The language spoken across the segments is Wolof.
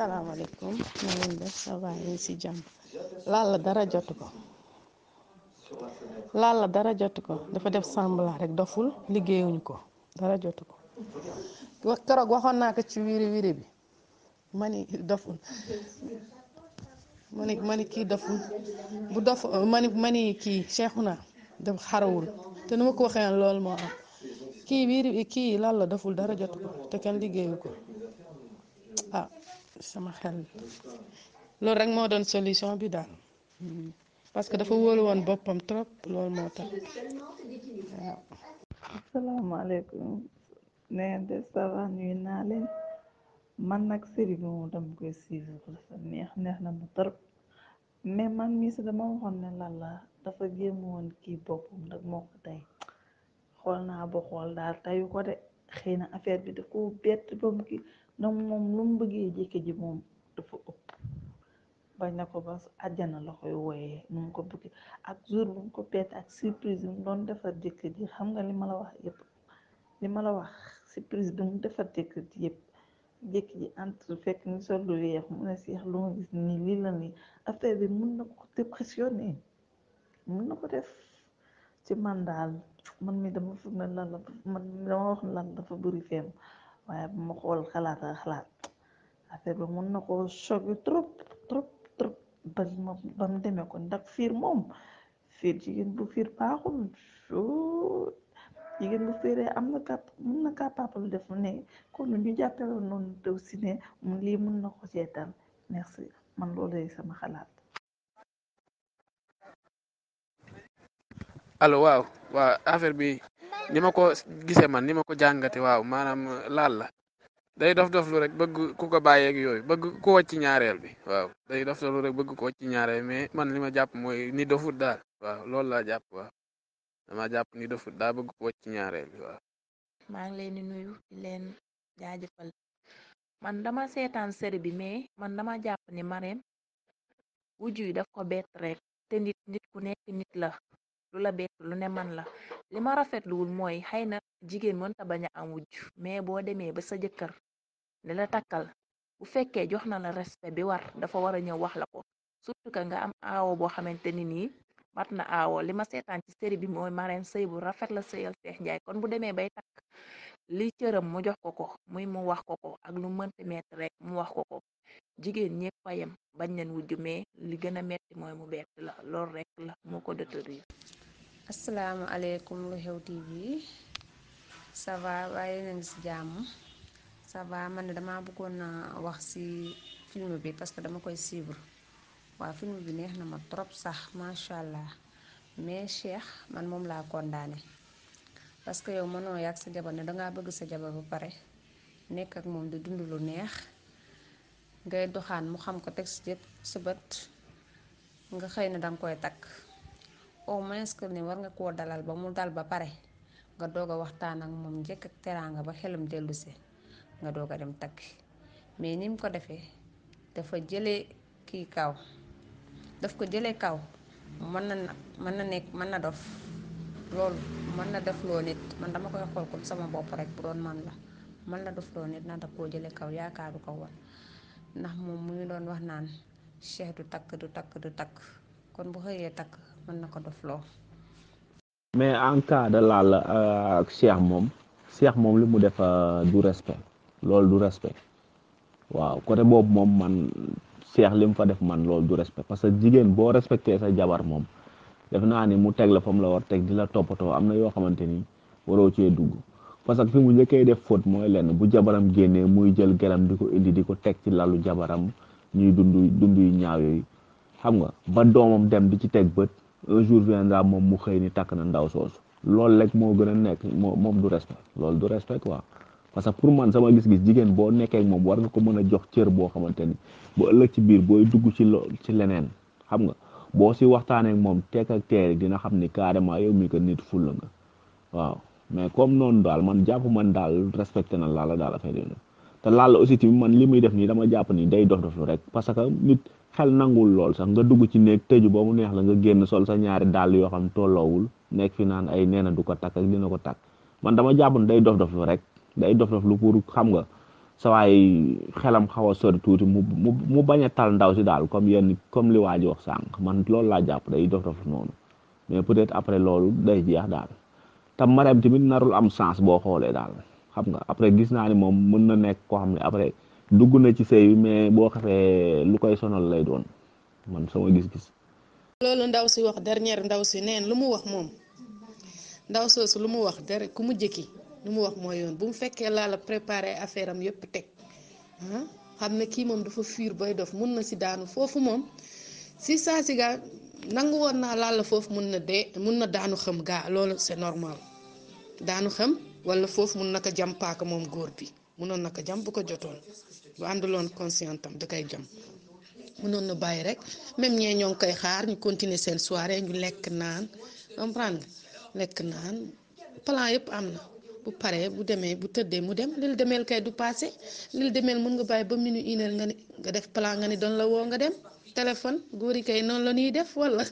salaamaaleykum na ngeen def si jàmm Lalla dara jotu ko Lalla dara jotu ko dafa def semblant rek doful liggéeyuñu ko dara jotu ko wax keroog waxoon naa ko ci wiri wiri bi mani ni doful ma ni kii doful bu dof ma ni ma ni kii Cheikhouna def xarawul te nu ma ko waxee loolu moo am kii wiri kii Lalla doful dara jotu ko te kenn liggéeyu ko ah. sama xel loolu rek moo doon solution bi daal mm-hmm. parce que dafa wóolu woon boppam trop loolu moo tax waaw. asalaamaaleykum na ngeen def ça va nuyu leen man nag série bi moom dama koy suivre neex neex na mu trop mais man mii si dama waxoon ne lalla dafa jéem woon kii boppam nag moo ko tey xool naa ba xool daal teyu ko de xëy affaire bi da ko bett ba mu donc moom lu mu bëggee jëkke ji moom dafa ëpp bañ na ko ba àjjana la koy wooyee nu mu ko bëggee ak jour bu mu ko peet ak surprise bi mu doon defar jëkke ji xam nga li ma la wax yëpp li ma la wax surprise bi mu defar jëkke ji yëpp jëkk ji entre fekk ni sol lu weex mu ne seex lu ma gis nii lii la nii affaire bi mun na ko dépressionné mun na ko def ci man daal man mi dama foog ne lan la man dama wax lan dafa bëri feem waaye bu ma xool xalaat a xalaat affaire bi mën na koo choqué trop trop trop ba mu ba mu demee ko fiir moom fiir jigéen bu fiir baaxul jigéen bu fiiree am na cap mën na capable def ne kon ñu jàppale noonu daw si ne lii mën na ko seetaan merci man loolu sama xalaat. allo waaw waaw affaire bi. ni ma ko gisee man ni ma ko jàngate waaw maanaam uh, laal la day dof dof lu rek bëgg ku ko bàyyeeg yooyu bëgg ko wàcc ñaareel bi waaw day dof dof lu rek bëgg ko wàcc ñaareel mais man li ma jàpp mooy ni dofut daal waaw loolu laa jàpp waaw dama jàpp ni dofut daa bëgg ku wàcc ñaareel bi maa ngi leen di nuyu di man dama seetaan série bi mais man dama jàpp ni Marème wujju yi daf ko bett rek te nit nit ku nekk nit la lu la bett lu ne man la li ma rafetluwul mooy xëy na jigéen mënta bañ a am wujj mais boo demee ba sa jëkkër ne la takkal bu fekkee jox na la respect bi war dafa war a ñëw wax la ko surtout que nga am aawo boo xamante ni nii mat na aawo li ma seetaan ci sëri bi mooy Marème sëy bu rafet la sëyal Seex Njaay kon bu demee bay takk li cëram mu jox ko ko muy mu wax ko ko ak lu mënti metti rek mu wax ko ko jigéen ñépp a yem bañ nañ wujj mais li gën a metti mooy mu bett la loolu rek la moo ko détruire asalaamaaleykum lu xew tv ça va waaye ngi si jàmm ça va man ne dama bëggoon na wax si film bi parce que dama koy suivre waaw film bi neex na ma trop sax macha allah mais Cheikh man moom laa condamné parce que yow mënoo yàgg sa jabar ne dangaa bëgg sa jabar bu pare nekk ak moom di dund lu neex ngay doxaan mu xam ko teg si jët sa bët nga xëy na danga koy takk au moins que ni war nga koo dalal ba mu dal ba pare nga doog a waxtaan ak moom njëkk ak teraanga ba xelam dellusi nga doog a dem takk mais ni mu ko defee dafa jëlee kii kaw daf ko jële kaw mën na mën na nekk mën na dof loolu mën na def loo nit man dama koy xool comme sama bopp rek bu doon man la mën na dof loo nit na daf koo jëlee kaw yaakaaru ko woon ndax moom mu ngi doon wax naan cheikh du takk du takk du takk kon bu xëyee takk mën na ko def loo mais en cas de laal euh, ak Cheikh moom Cheikh moom li mu def euh, du respect loolu du respect waaw côté boobu moom man Cheikh li mu fa def man loolu du respect parce que jigéen boo respecté sa jabar moom def naa ni mu teg la fa mu la war teg di la toppatoo am na yoo xamante ni waroo cee dugg parce que fi mu njëkkee def faute mooy lenn bu jabaram génnee muy jël geram di ko indi di ko teg ci lalu jabaram ñuy dund dund yu ñaaw yooyu xam nga ba doomam dem di ci teg bët un jour viendra moom mu xëy ni takk na ndaw soosu loolu rek moo gën a nekk moo moom du respect loolu du respect quoi parce que pour man sama gis-gis jigéen boo nekkee moom war nga ko mën a jox cër boo xamante ni bu ëllëg ci biir booy dugg ci lool ci leneen xam nga boo si waxtaanee moom tekk ak teer dina xam ni carrément yow mi ko nit ful nga waaw mais comme noonu daal man jàpp man daal respecté na laal la daal affaire yooyu te laala aussi tamit man li muy def nii dama jàpp ni day dof dof lu xel nangul lool sax nga dugg ci néeg tëju ba mu neex la nga génn sol sa ñaari dàll yoo xam tolloowul nekk fi naan ay nee na du ko takk ak dina ko takk man dama jàppoon day dof dof rek day dof dof lu pour xam nga sa xelam xaw a sori tuuti mu mu mu bañ a tal ndaw si daal comme yenn comme li waa ji wax sànq man loolu laa jàpp day dof dof noonu mais peut-être après loolu day jeex daal te Marème tamit narul am sens boo xoolee daal xam nga après gis naa ni moom mën na nekk koo xam ne après. dugg na ci sëy bi mais boo xamee lu koy sonal lay doon man sama gis-gis. loolu ndaw si wax dernière ndaw si neen lu mu wax moom ndaw soosu lu mu wax dara ku mu jëkki lu mu wax mooy yoon bu mu fekkee laala la préparé affaire am yëpp teg ah, xam ne kii moom dafa fiir bay dof mun na si daanu foofu moom si saa si gaa nangu woon naa laal foofu mun na dee mun na daanu xam gaa loolu c'est normal daanu xam wala foofu mun na ko jam paaka moom góor bi munoon na ko jam ko jotoon. bu ànduloon conscience am da koy jam mënoon na bàyyi rek même ñee ñoo ngi koy xaar ñu continuer seen soirée ñu lekk naan comprendre nga lekk naan plan yëpp am na bu paree bu demee bu tëddee mu dem lil demeel kay du passé lil demeel mun nga bàyyi ba minute une heure nga nga def plan nga ni doon la woo nga dem téléphone góor yi kay noonu la ñuy def wala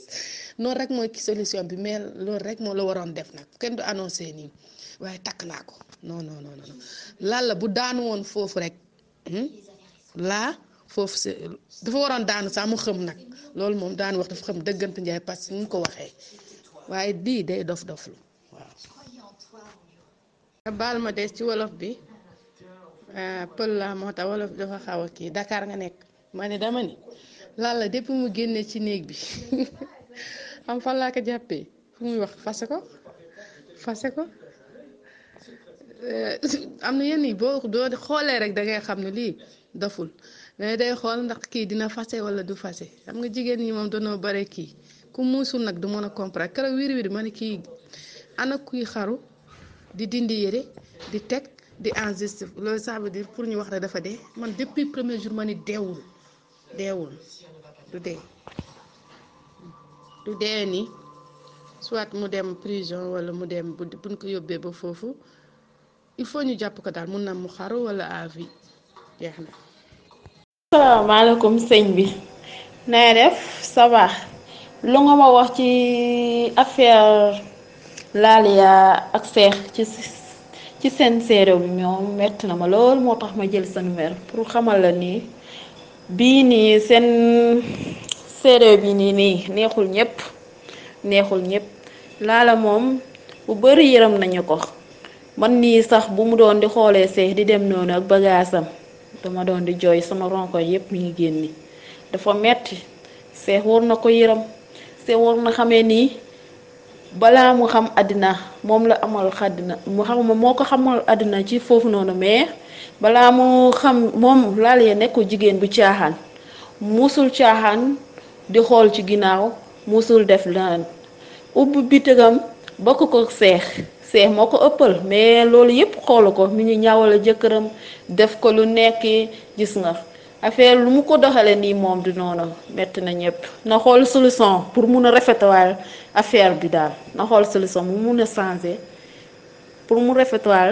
noonu rek mooy solution bi mais loolu rek moo la waroon def nag kenn du annoncé nii waaye takk naa ko non non non foofu rek. Hmm? laa foofu si dafa waroon daanu sax mu xëm nag loolu moom daan wax dafa xam dëggante njaay parce que ni ko waxee waaye bii day dof doflu waaw. baal ma des ci wolof bi euh, pël la moo tax wolof dafa xaw a kii dakaar nga nekk ma ne dama ni Lalla depuis mu génne ci néeg bi am fan laa ko jàppee fu muy wax fase ko fase ko. Eh, am na yenn yi boo doo xoolee rek da ngay xam ne lii daful mais day xool ndax kii dina fase wala du fase xam nga jigéen ñi moom danoo bare kii ku muusul nag du mën a comprendre keroog wiir wiir ma ne kii ana kuy xaru di dindi yére di teg di enregistre loolu ça veut pour ñu wax ne dafa de man depuis premier jour ma ni deewul deewul du dee du dee ni soit mu dem prison wala mu dem buñ ko yóbbee ba foofu il faut ñu jàpp ko daal mun na mu xaru wala à vie jeex na. sëñ bi na def ça lu nga ma wax ci affaire Laalia ak Seex ci seen séeréer bi ñoom metti na ma lool moo tax ma jël sa numéro pour xamal la nii bii nii seen séeréer bi nii nii neexul ñëpp neexul ñépp laala moom bu bari yërëm nañu ko. man nii sax bu mu doon di xoolee seex di dem noonu ak bagaasam dama doon di jooy sama ronko yépp mi ngi génni dafa metti seex war na ko yëram seex war na xamee nii balaa mu xam àddina moom la amal xàddina moo ko xamal àddina ci foofu noonu mais balaa mu xam moom laal ya nekku jigéen bu caaxaan musul caaxaan di xool ci ginnaaw musul def lan ubbi bitëgam bokk ko seex seex moo ko ëppal mais loolu yëpp xoolu ko mu ngi ñawal jëkkëram def ko lu nekk gis nga affaire lu mu ko doxalee nii moom di noonu métti na ñëpp na xool solution pour mun a rafetewal affaire bi daal na xool solution mu mun a changer pour mu rafetewal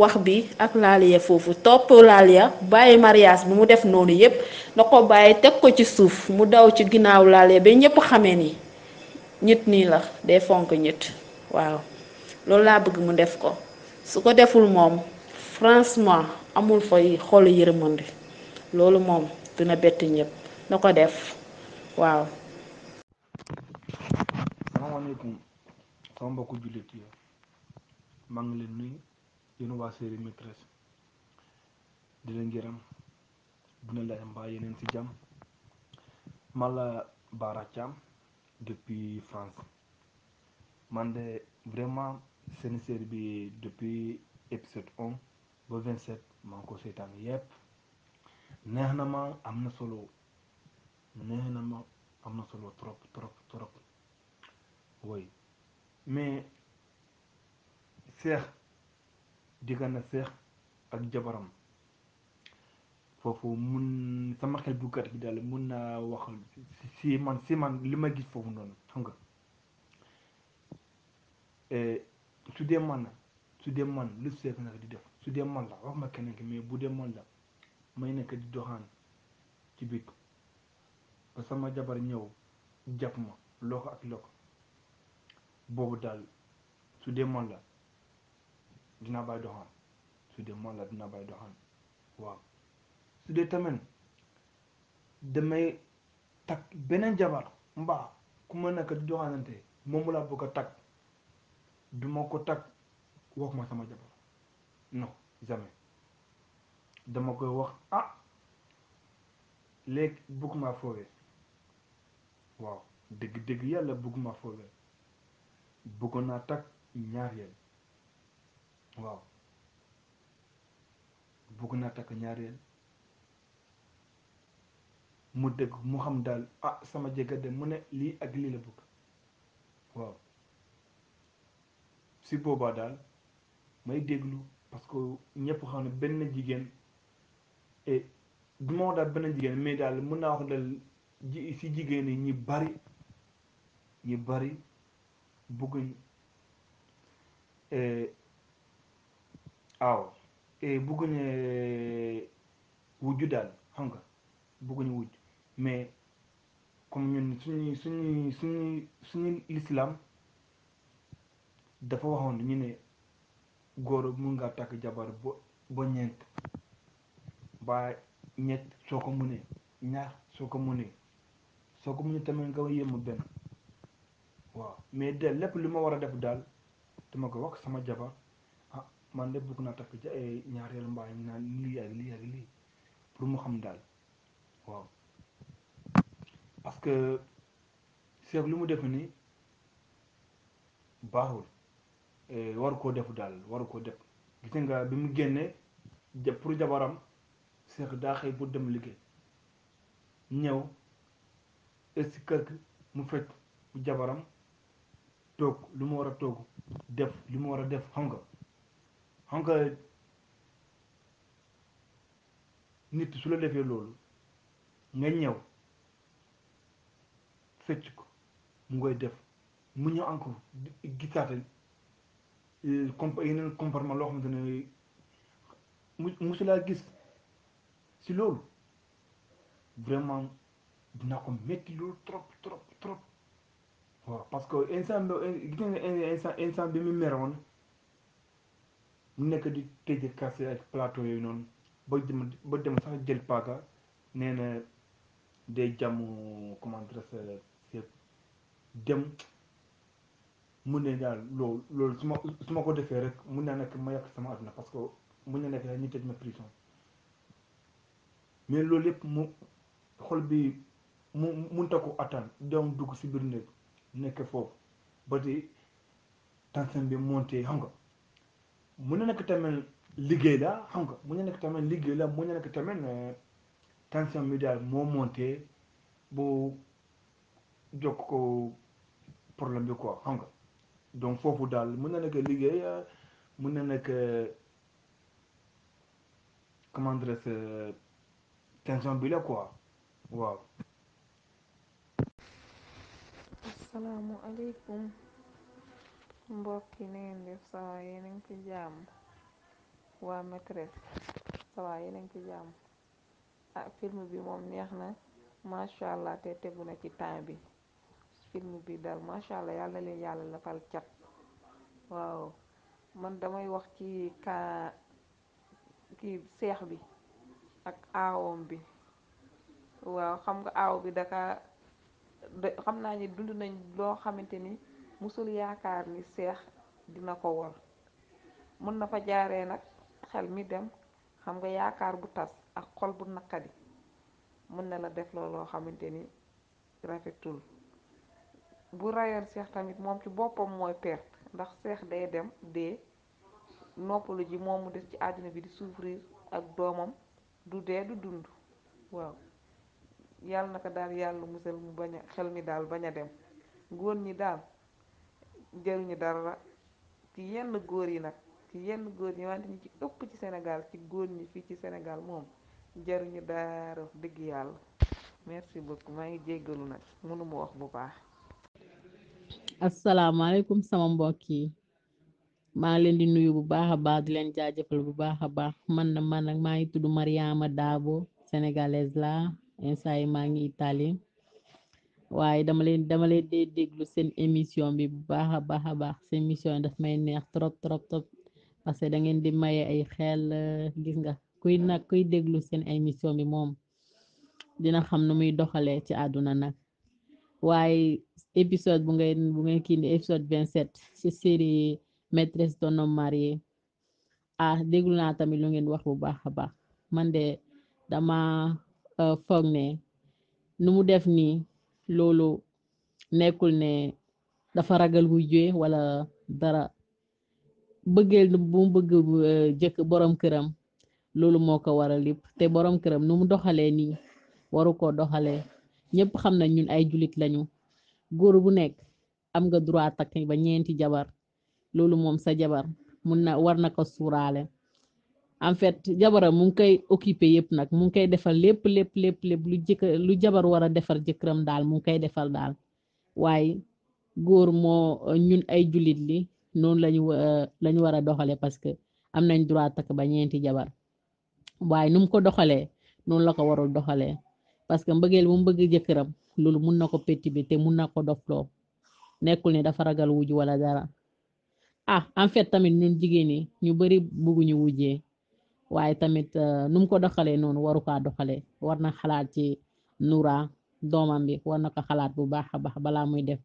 wax bi ak Laalia foofu topp Laalia bàyyi mariage bi mu def noonu yëpp na ko bàyyi teg ko ci suuf mu daw ci ginnaaw Laalia ba ñëpp xamee ni nit nii la day fonk nit waaw. loolu laa bëgg mu def ko su ko deful moom franchement amul fay xol yërmande loolu moom dina bett ñëpp na ko def waaw. salaamaaleykum sama mbokku jullit yi maa ngi leen nuyu yéen waa série maîtresse gërëm dina laaj mbaa yeneen ci jàmm man la Bara depuis France man de vraiment. seen série bi depuis épisode 1 ba 27 maa ngi ko seetaan yépp neex na ma am na solo neex na ma am na solo trop trop trop woy mais seex diggante seex ak jabaram foofu mun sama xel bu gàtt bi daal mun naa wax si man si man li ma gis foofu noonu xam nga su dee man na su dee man lu seef di def su dee man la wax ma keneen ki bu dee man la may nekk di doxaan ci biir ba sama jabar ñëw jàpp ma loxo ak loxo boobu dal su dee man la dina bàyyi doxaan su dee man la dinaa bàyyi doxaan waaw su dee tamit damay takk beneen jabar mbaa ku ma nekk di doxaanante moom laa bëgg a takk duma ko takk wax ma sama jabar non jamais dama koy wax ah léegi bugg maa foowee waaw dëgg-dëgg yàlla bugg maa foowee bëggoon naa takk ñaareel waaw bëgg naa takk ñaareel mu dëgg mu xam daal ah sama jëkkër de mu ne lii ak lii la bëgg waaw si boobaa daal may déglu parce que ñëpp xam ne benn jigéen et wax daal benn jigéen mais daal mën naa wax daal ji si jigéen yi ñi bari ñi bari bëgguñ e, aw e, bëgguñ e, wujju daal xam nga bëgguñ wujj mais comme ñun suñuy suñuy suñuy suñuy lislaam dafa waxoon ñu ne góor mun nga takk jabar bo ba ñeent ba ñett soo ko mu ne ñaax soo ko ne soo ko munee tamit nga yéemu benn waaw mais de lépp li ma war a def daal dama ko wax sama jabar ah man de bëgg naa takk ja eh, ñaareel mbaa ñu naan lii ak lii pour mu xam daal waaw parce que seet lu mu def nii baaxul Eh, waru koo def daal waru koo def gis nga bi mu génnee pour jabaram seex daa xëy bu dem liggéey ñëw si kër gi mu fekk jabaram toog lu mu war a toog def lu mu war a def xam nga nit su la defee loolu nga ñëw fecc ko mu ngoy def mu ñëw encore gisaate comp yeneen comportement loo xamante ne mu musu laa gis si loolu vraiment dina ko métti loolu trop trop trop parce que instant bi gis nga instant mu nekk di tëje kase ak plateau yooyu noonu ba dem sax jël paaka nee na day jàmm comment dem mun ne daal loolu loolu su ma su ma ko defee rek mun naa nekk ma yàq sama àdduna parce que mun na nekk daal ñu ma prison mais loolu yëpp mu xol bi mu munta ko attan doom dugg si biir néeg nekk foofu ba di tension bi monté xam nga mun ne nekk tamit liggéey la xam nga mun na nekk tamit liggéey la mun na nekk tamit tension bi daal moo monté bu jokk ko problème bi ko xam nga donc foofu daal mën na nekk liggéey euh, mën na nekk euh, comment dire euh, tension bi la quoi waaw. asalaamualeykum mbokk yi na ngeen def ça va yéen a waa maîtresse ça va yéen a ci jàmm ah film bi moom neex na macha allah te tegu na ci temps bi. film bi daal macha allah yàlla leen yàlla lafal cat waaw man damay wax ci ka kii seex bi ak aawom bi waaw xam nga aaw bi daka xam naa ni dund nañ loo xamante ni musul yaakaar ni seex dina ko wor mën na fa jaaree nag xel mi dem xam nga yaakaar bu tas ak xol bu naqadi mën na la def looloo xamante ni rafetul bu rayoon seex tamit moom ci boppam mooy perte ndax seex day dem dee noppalu ji moom mu des ci àddina bi di souffrir ak doomam du dee du dund waaw yàlla na daal yàlla musal mu bañ a xel mi daal bañ a dem góor ñi daal jëruñu dara ci yenn góor yi nag ci yenn góor ñi wante ñi ci ëpp ci Sénégal ci góor ñi fii ci senegal moom jariñu dara dëgg yàlla merci beaucoup maa ngi jéggalu nag mënuma wax bu baax asalaamaaleykum sama mbokk yi maa leen di nuyu bu baax a baax di leen jaajëfal bu baax a baax man na man nag maa ngi tudd Mariama Dabo sénégalaise la instant maa ngi Italie waaye dama leen dama leen déglu seen émission bi bu baax a baax a baax seen mission daf may neex trop trop trop parce que da ngeen di maye ay xel gis nga kuy nag kuy déglu seen émission bi moom dina xam nu muy doxalee ci àdduna nag waaye épisode bu ngay bu ngay kii ni épisode vingt sept ci série maîtresse d'un homme marié ah déglu naa tamit lu ngeen wax bu baax a baax man de dama euh, foog ne nu mu def nii loolu nekkul ne dafa ragal wuy jee wala dara bëggeel bu mu bëgg euh, jëkk borom këram loolu moo ko waral lépp te borom këram nu mu doxalee nii waru ko doxalee ñëpp xam nañ ñun ay julit lañu góor bu nekk am nga droit takk ba ñeenti jabar loolu moom sa jabar mun na war na ko suuraale en fait jabaram mu ngi koy occupé yëpp nag mu ngi koy defal lépp lépp lépp lu jëkkër lu jabar war a defar jëkkëram daal mu ngi koy defal daal waaye góor moo ñun ay julit li noonu lañu lañu war a doxale parce que am nañ droit takk ba ñeenti jabar waaye nu ko doxalee noonu la ko warul doxalee parce que mbëggeel bu mu bëgg jëkkëram loolu mun na ko pétti bi te mun na ko dofloo nekkul ne dafa ragal wuj wala dara ah en fait tamit ñun jigéen ñi ñu bari bëgguñu wujee waaye tamit euh, nu mu ko doxalee noonu waru kaa doxalee war na xalaat ci nura doomam bi war na ko xalaat bu baax a baax balaa muy def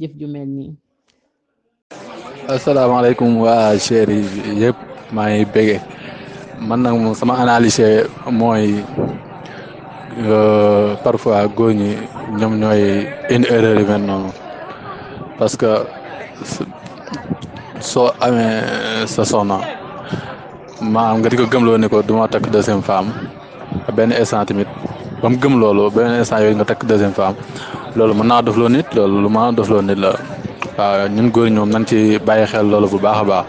jëf ju mel nii. asalaamaaleykum waa chers yi yëpp maa ngi man nag sama analyse mooy. Euh, parfois góor ñi ñoom ñooy une erreur yu mel noonu parce que soo amee sa soxna maanaam nga di ko gëmloo ni ko du ma takk deuxième femme benn instant tamit ba gëm loolu benn instant yooyu nga takk deuxième femme loolu mën naa dofloo nit loolu lu ma a dofloo nit la waaw ñun góor ñoom nañ ci bàyyi xel loolu bu baax a baax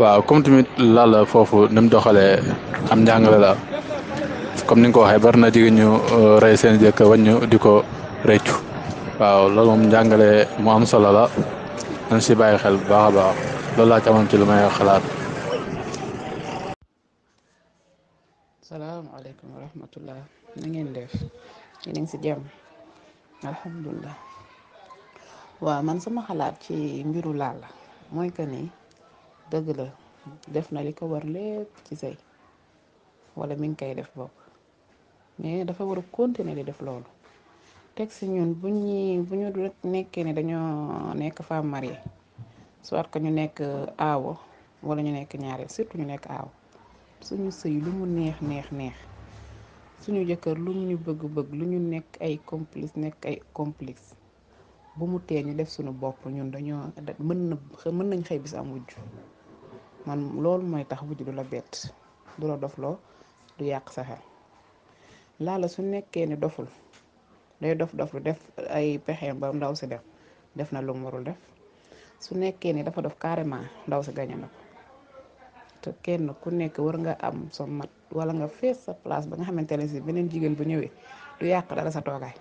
waaw comme tamit la la foofu ni mu doxalee am njàngale la. comme ni nga ko waxee bari na jigéen ñu uh, rey seen jëkk waññu di ko réccu waaw loolu moom njàngale mu am solo la nañ si bàyyi xel bu baax a baax loolu laa ci amoon ci lu may xalaat. salaamaaleykum wa rahmatullah na ngeen def yéen ngi si jàmm waaw man sama xalaat ci mbiru laal la mooy que ni dëgg la def na li ko war lépp ci sëy wala mi ngi koy def bopp mais dafa war a continuer di def loolu teg si ñun bu ñu bu ñu nekkee ne dañoo nekk femme mariée soit que ñu nekk awo wala ñu nekk ñaaree surtout ñu nekk aawo suñu sëy lu mu neex neex neex suñu jëkkër lu mu ñu bëgg-bëgg lu ñu nekk ay complice nekk ay complice bu mu tee ñu def suñu bopp ñun dañoo mën na mën nañ xëy bis am wujj man loolu mooy tax wujj du la bett du la dofloo du yàq sa xel laala su nekkee ni doful day dof dof def ay pexe ba ndaw si def def na lu mu warul def su nekkee ni dafa dof carrément ndaw si gañe na ko te kenn ku nekk war nga am sa mat wala nga fees sa place ba nga xamante ne si beneen jigéen bu ñëwee du yàq dara sa toogaay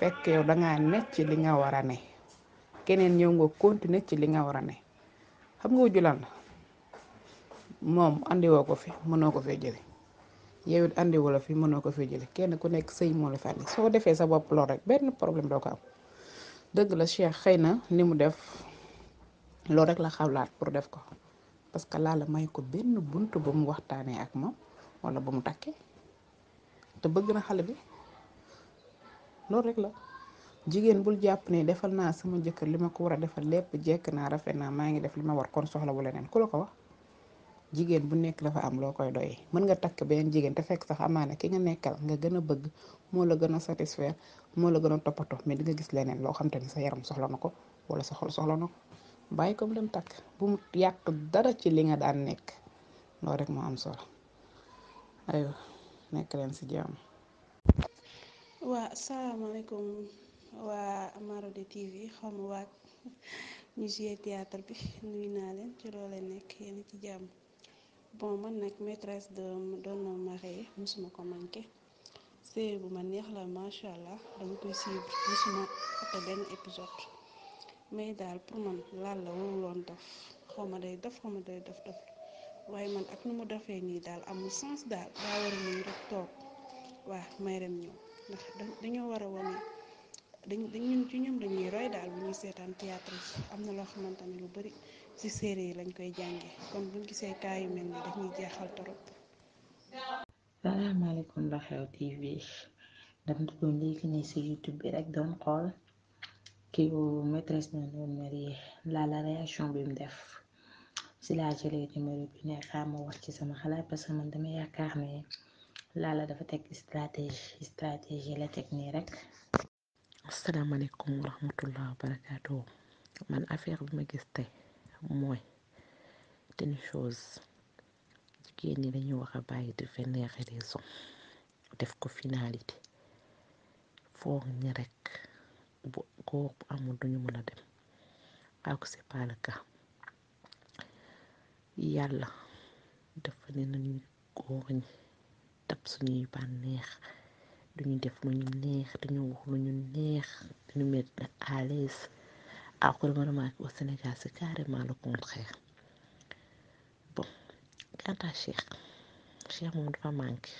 fekk yow dangaa ne ci li nga war a ne keneen ñëw nga continuer ci li nga war a ne xam nga wujju lan moom andi woo ko fi mënoo ko fee jëlee. yow it andi wala fi mënoo ko fi jële kenn ku nekk sëy moo la andi soo defee sa bopp lool rek benn problème doo ko am dëgg la Cheikh xëy na ni mu def loolu rek la xawlaat pour def ko parce que laala may ko benn bunt bu mu waxtaanee ak moom wala bu mu takkee te bëgg na xale bi loolu rek la jigéen bul jàpp ne defal naa sama jëkkër li ma ko war a defal lépp jekk naa rafet naa maa ngi def li ma war kon soxla bu leneen ku la ko wax jigéen bu nekk dafa am loo koy doyee mën nga takk beneen jigéen te fekk sax amaana ki nga nekkal nga gën a bëgg moo la gën a satisfaire moo la gën a toppatoo mais di nga gis leneen loo xam te ni yaram soxla na ko wala sa xol soxla na ko bàyyi ko takk bu mu yàq dara ci li nga daan nekk loolu rek moo am sol aywa nekk leen si jàmm. waa asalaamaaleykum waa Marodi naa leen ci loo leen nekk ci jàmm. bon man nag maîtresse d'un homme marié mosuma ko manqué série bu ma neex la macha allah dama koy suivre mosuma ate benn épisode mais daal pour man laal la waruloon def xaw ma day def xaw ma day def def waaye man ak nu mu defee nii daal amul sens daal daa war a muñ rek toog waa may rem ñëw ndax dañoo war a wane dañ ñun ci ñoom dañuy roy daal bu ñuy seetaan théâtre am na loo xamante lu bari ci séeréer yi lañ koy jàngee kon buñ gisee kaa yu mel ni dañuy jeexal torop salaamaaleykum Lu Xew TV dama duggoon léegi YouTube bi rek doon xool kii maîtresse d'un marié la la réaction bi def si laa jëlee numéro bi ne xaama wax ci sama xalaat parce que man dama yaakaar ne laala dafa teg stratégie stratégie la teg nii rek asalaamaaleykum wa rahmatullah wa barakaatu man affaire bi ma gis mooy tenue chose jigéen ñi dañu war a bàyyi di vénérer raison def ko finalité foog ñi rek bu góor bu amul duñu mën a dem ak ah, c'est pas le yàlla dafa ne nañu góor ñi tab suñuy bànneex duñu def lu neex duñu wax lu neex duñu mettre à Alors que remarque au Sénégal, c'est carrément le contraire. Bon, quant à Cheikh, Cheikh moom dafa manqué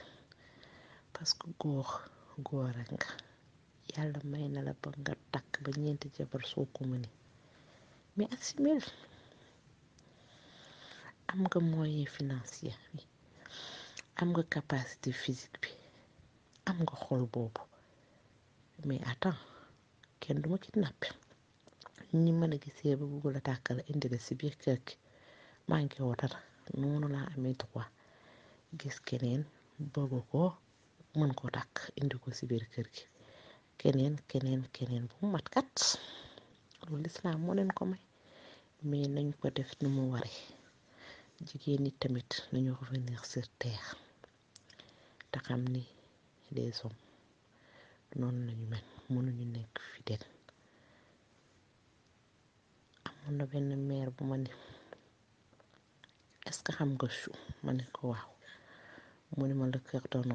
parce que góor góor a may na la ba tak takk ba ñeenti jabar soo mais ak am nga moyen financier am nga capacité physique bi am nga xol boobu mais attends kenn du ma kidnappé ñi mën a gisee ba bëggul a tàkkal indi la si biir kër gi maa ngi wootal noonu laa amee droit gis keneen bëgg ko mën ko takk indi ko si biir kër gi keneen keneen keneen bu mat kat loolu lislaam moo leen ko may mais nañ ko def nu mu waree jigéen ñi tamit nañu revenir sur terre te xam ni les hommes noonu lañu mel mënuñu nekk fidèle am na bu ma ni est-ce que xam nga chou ma ne ko waaw mu ne ma le cœur d'un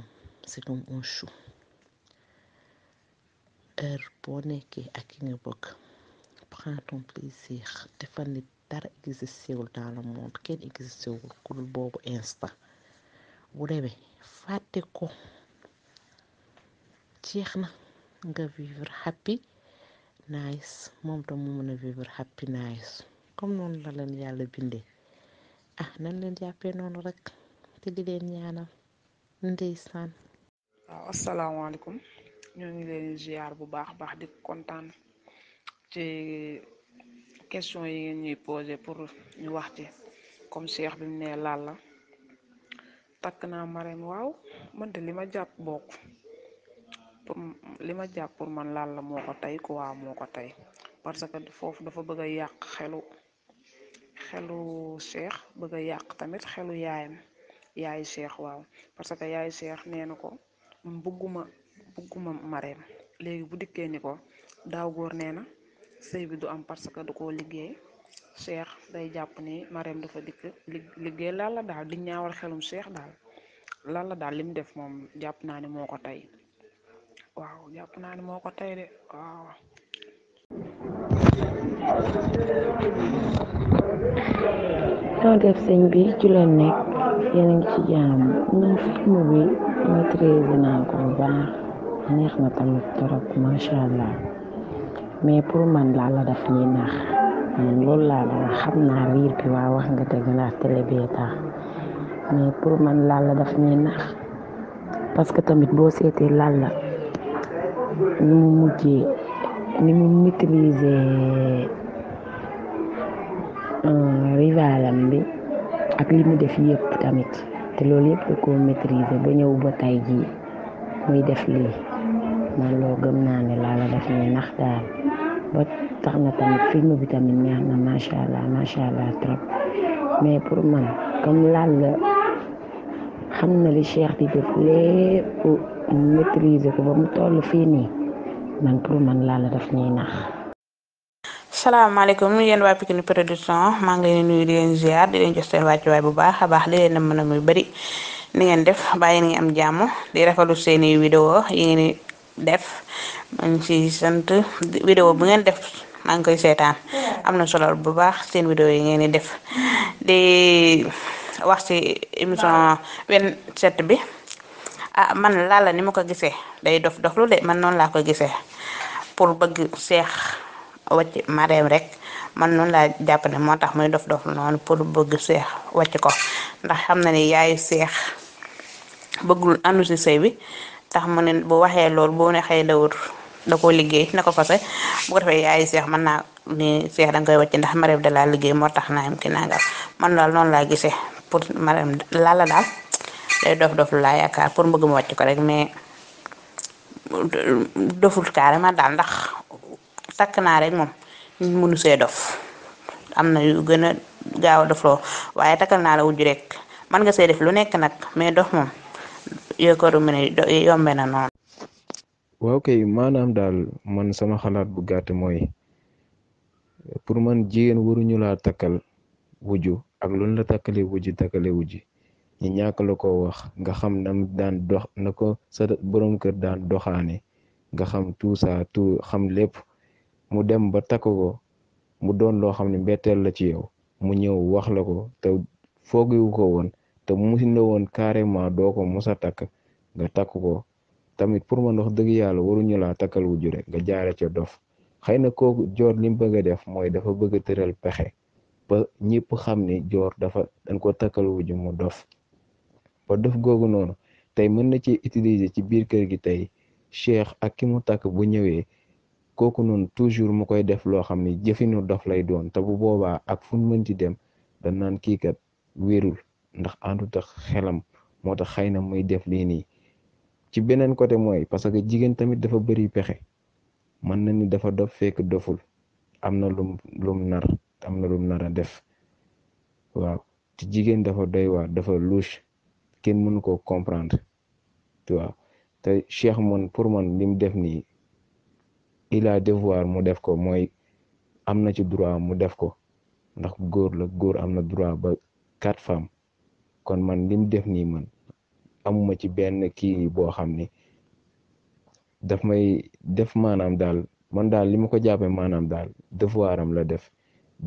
un chou heure boo nekkee ak ki nga bëgg prends ton plaisir defal ni dara existewul dans le monde kenn existewul ku dul boobu instant bu demee ko jeex nga vivre happy nice moom tam mu mën a vivre happy nice comme noonu la len yàlla bindee ah nañ leen jàppee noonu rek te di leen ñaanal ndeysaan waaw asalaamaaleykum ñoo ngi leen ziar bu baax baax di kontaan ci question yi ngeen ñuy posé pour ñu wax ci comme Cheikh bi mu ne laal la takk na Marème waaw man de ma jàpp bokk pour li ma jàpp pour man laal la moo ko tey quoi moo ko tey parce que foofu dafa bëgg yàq xelu xelu Cheikh bëgg a yàq tamit xelu yaayam yaay Cheikh waaw parce que yaay Cheikh nee na ko bëgguma bëgguma mareem léegi bu dikkee ni ko daaw góor nee na sëy du am parce que du ko liggéey Cheikh day jàpp ni mareem dafa dikk liggéey laal la daal di ñaawal xelum Cheikh daal laal la daal li def moom jàpp naa ne moo ko tey waaw jàpp naa ne moo ko tey de waaw. noo def sëñ bi ci la nekk yéen a ngi ci jaam ñun film bi maîtrise naa ko bu neex na tamit trop macha allah mais pour man laa la daf ñuy nax man loolu laa la xam naa riir bi wax nga dëgg ndax télé mais pour man laa la daf ñuy nax parce que tamit boo seetee la ni mu mujjee ni mu maîtriser euh, rivalam bi ak li mu def yëpp tamit te loolu yëpp da koo maîtriser ba ñëw ba tay jii muy def lii man loo gëm naa ne laa la def ni nax daal ba tax na tamit film bi tamit neex na macha allah trop mais pour man comme laal la xam na li Cheikh di def lépp. ñu maîtriser ko ba mu toll fii nii man pour man laala di nuyu di leen ziar di leen jox seen wàccuwaay bu baax a baax di leen mën a muy ngeen def bàyyi ngeen am jàmm di rafetlu seeni vidéo yi ngeen def maa ngi ciy sant vidéo bu ngeen def maa ngi koy seetaan am na solo bu baax seen vidéo yi ngeen di def di wax ci émission set bi. a ah, man laala ni ma ko gisee day dof dof lu man noonu laa ko gisee pour bëgg seex wacc mareem rek man noonu laa jàpp ne moo tax muy dof dof noon noonu pour bëgg seex wacc ko ndax xam na ni yaayu seex bëggul àndu si sëy bi tax mu ne boo waxee loolu boo ne xëy dawut da ko liggéey na ko fase bu ko defee yaayu seex mën naa ni seex danga koy wàcc ndax mareem da laa liggéey moo tax naa yam ki nangal man loolu noonu laa gisee pour mareem laala daal day dof dof laa yaakaar pour mbëgg mu wàcc rek mais doful carrément daal ndax takk naa rek moom mënu see dof am na yu gën a gaaw a dofloo waaye takkal naa la wujju rek man nga see def lu nekk nag mais dof moom yëkkëru mu ne yombe na noonu daal man sama xalaat bu gàtt mooy pour man jigéen waruñu laa takkal ak luñ la takkale wujju takkale wujju ñu ñàkk la ko wax nga xam na daan dox na ko sa borom kër daan doxaane nga xam tout ça tout xam lépp mu dem ba takk ko mu doon loo xam ne mbetteel la ci yow mu ñëw wax la ko te foogiwu ko woon te musi na woon carrément doo ko mos takk nga takk ko tamit pour man ndox dëgg yàlla waruñu laa takkal wujju rek nga jaare ca dof xëy na kooku joor li mu bëgg a def mooy dafa bëgg a tëral pexe ba ñëpp xam ne joor dafa dañ ko takkal wujju mu dof def googu noonu tey mën na ci utiliser ci biir kër gi tey cheikh ak ki mu takk bu ñëwee kooku noonu toujours mu koy def loo xam ni jëfinu dof lay doon te bu boobaa ak fu mu mënti dem da naan kii kat wérul ndax àndut ak xelam moo tax xëy na muy def lii nii ci beneen côté mooy parce que jigéen tamit dafa bëri pexe mën na ni dafa dof fekk doful am na lum lum nar am na lum nar a def waaw te jigéen dafa doy waar dafa louche kenn mënu koo comprendre tu vois te Cheikh man pour man li def nii il a devoir mu def ko mooy am na ci droit mu def ko ndax góor la góor am na droit ba quatre femmes kon man li def nii man amuma ci benn kii boo xam ni daf may def maanaam daal man daal li ma ko jàppee maanaam daal devoiram la def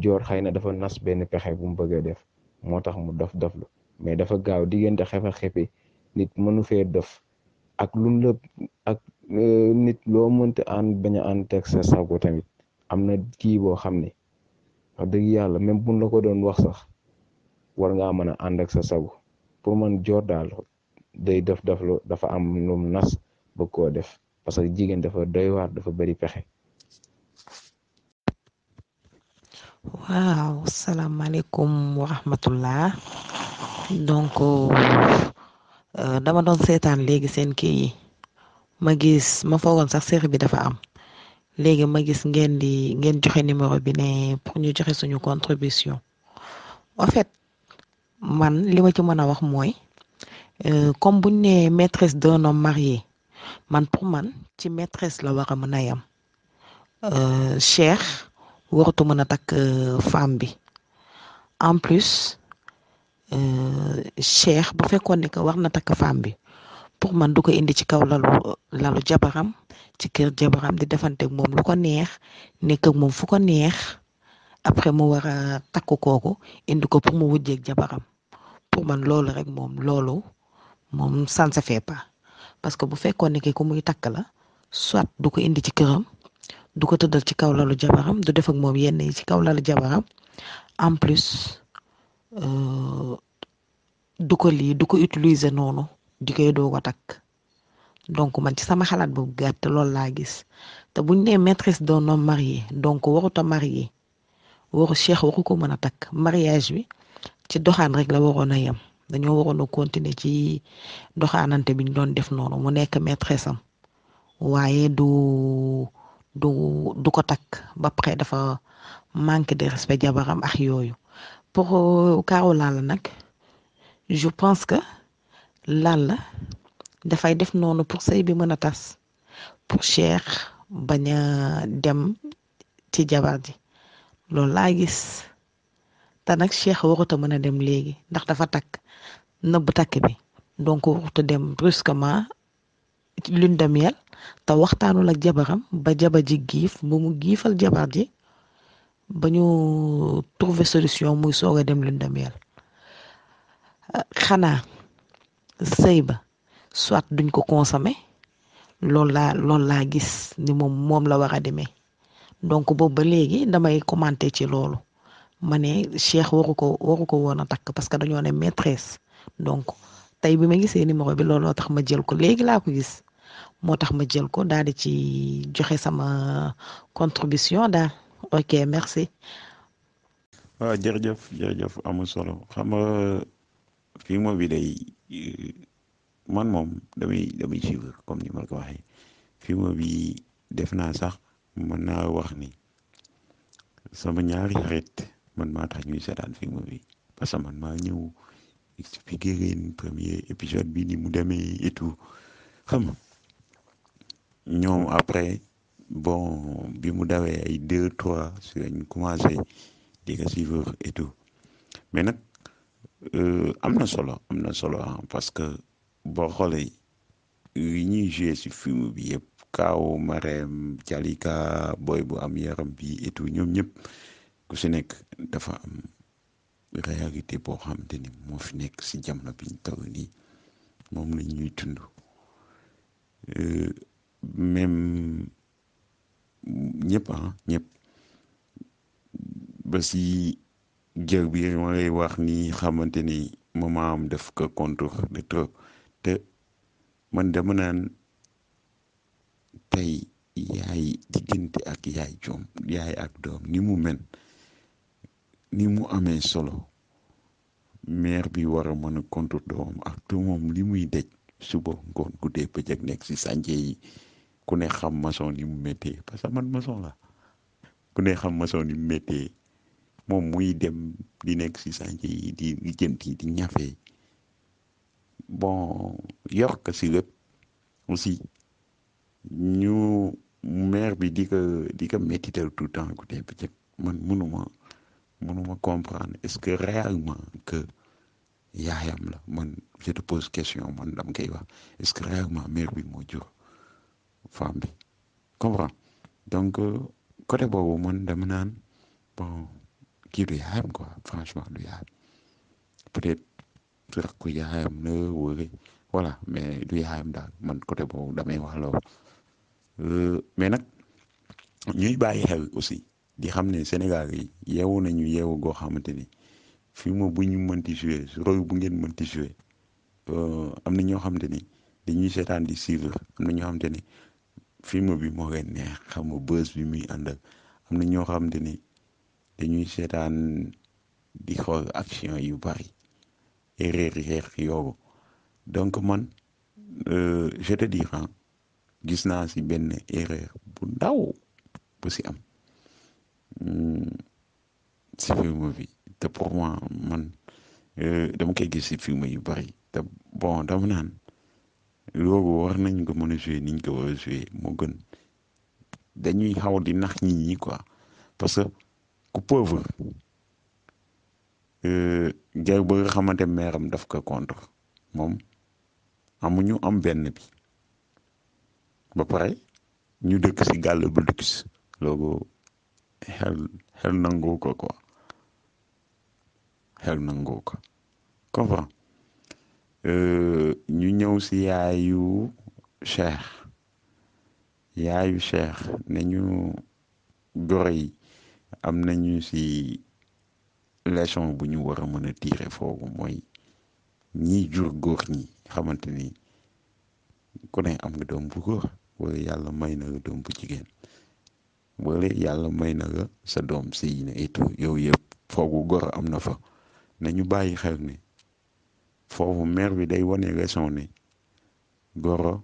joor xëy na dafa nas benn pexe bu mu bëgg a def moo tax mu dof doflu mais dafa gaaw diggante xefa xefi nit mënu fe dof ak lun la ak euh, nit loo mënti ànd bañ a ànd teg sa sago tamit am na kii boo xam ne wax dëgg yàlla même buñ la ko doon wax sax war ngaa mën a ànd ak sa sago pour man joor daal day def daf lu dafa am lum nas bëgg koo def parce que jigéen dafa doy waar dafa bari pexe. waaw salaamaaleykum wa rahmatullah donc euh, dama doon seetaan léegi seen kii yi ma gis ma foogoon sax série bi dafa am léegi ma gis ngeen di ngeen joxe numéro bi ne pour ñu joxe suñu contribution en fait man li ma ci mën a wax mooy euh, comme buñ ne maîtresse d'un homme marié man pour man ci maîtresse la war a mën a yam euh, Cheikh waratu mën a takk femme bi en plus Euh, Cheikh bu fekkoon ne que na takk femme bi pour man du ko indi ci kaw lalu jabaram ci kër jabaram di defante moom lu ko neex nekk moom fu ko neex après mu war a takk kooku indi ko pour mu wujjeeg jabaram pour man loolu rek moom loolu moom ça ne parce que bu fekkoon ne que ku muy takk la soit du ko indi ci këram du ko tëddal ci kaw lalu jabaram du def ak moom yenn yi ci kaw lalu jabaram en plus. du ko lii du ko utiliser noonu di koy doog takk donc man ci sama xalaat bu gàtt loolu laa gis te buñ nee maîtresse d'un homme donc warut a marié waru cheikh waru ko mën a takk mariage bi ci doxaan rek la waroon a yem dañoo waroon a ci doxaanante bi ñu doon def noonu mu nekk maîtresse am waaye du du du ko takk ba pare dafa manque de respect jabaram ak yooyu. pour au euh, kaaw Lalla nag je pense que la dafay def noonu pour sëy bi mën a tas pour Cheikh bañ dem ci jabar ji loolu laa gis te nag Cheikh warut a mën a dem léegi ndax dafa takk nëbb takk bi donc warut a dem brusquement lune de miel te waxtaanul ak jabaram ba jaba ji giif bu mu giifal jabar ji ba ñu trouver solution muy soog a dem lundam yàlla xanaa sëy ba soit duñ ko consommer loolu laa loolu laa gis ni moom moom la war a demee donc boobu ba léegi damay commenter ci loolu ma ne Cheikh waru ko waru ko woon a takk parce que dañoo ne maîtresse donc tey bi ma gisee numéro bi looloo tax ma jël ko léegi laa ko gis moo tax ma jël ko daal di ci joxe sama contribution daal. ok merci. waaw ah, jërëjëf jërëjëf amul solo xam nga fii moom bi day man moom damay damay suivre comme ni ma la ko waxee fii moom bi def naa sax mën naa wax ni sama ñaari xarit man maa tax ñuy seetaan fii moom bi parce que man maa ñëw expliqué leen premier épisode bi ni mu demee et tout xam ñoom après bon bi mu dawee ay deux si lañ commencé di ko suivre et tout nag euh, am na solo am na solo ah parce que boo xoolee yi ñuy joué si film bi yëpp kaaw mareem jalika booy bu am yaram bi et tout ñoom ñëpp ku si nekk dafa am réalité boo xamante ni moo fi nekk si jamono biñ taw nii moom la ñuy tund euh, ñëpp ah ñëpp ba si jël bi ma lay wax ni xamante ni moment am def ko contre de trop te man dama naan tey yaay diggante ak yaay joom yaay ak doom ni mu mel ni amee solo mère bi war a mën a contre doom ak te moom li muy suba ngoon guddee bëccëg nekk si sànce ku ne xam maçon ni mu méttee parce que man mason la ku ne xam maçon ni mu méttee moom muy dem di nekk si chantier yi di lijjanti di ñafe bon yor ko si lépp aussi ñu maire bi di ko di ko métital tout le temps écoutez peut-être man mënuma mënuma comprendre est-ce que réellement que yaayam la man je te pose question man dam koy wax est-ce que réellement maire bi moo jur femme bi comprends euh, côté boobu man dama naan bon kii du yaayam quoi franchement du yaayam peut-être su rakku yaayam la wala mais du yaayam daal man côté boobu damay wax euh, mais nag ñuy bàyyi xel aussi di xam ne Sénégal yi yeewu nañu yeewu goo xamante ni fi moo bu ñu mënti joué rôle bu ngeen mënti joué euh, am na ñoo xamante ni dañuy seetaan di suivre am na ñoo xamante ni film bi moo koy neex xam nga bës bi mi ànd ak am na ñoo xam te ni dañuy seetaan di xool action yu bari erreur yeex yoogu donc man euh, je te dirai gis naa si benn erreur bu ndaw bu si am hmm, si film bi te pour moi man euh, dama koy gis si film yu bari te bon dama naan loolu war nañ ko mën a jouer niñ ko war a jouer moo gën dañuy xaw di nax nit ñi parce que ku pauvre euh, jar ba nga meeram daf ko contre moom amuñu am benn bi ba pare ñu dëkk si gàll bu dux loolu xel xel nangoo ko quoi xel nangoo ko comprend Euh, ñu ñëw si yaayu cheikh yaayu cheikh nañu goro yi am nañu si leçon bu ñu war a mën a tiire foofu mooy ñi jur góor ñi xamante ni ku am na doom bu góor wala yàlla may na nga doom bu jigéen wala yàlla may na sa doom si ne itu yow yëpp foogu goro am na fa nañu bàyyi xel ne foofu maire bi day wane raison ni goro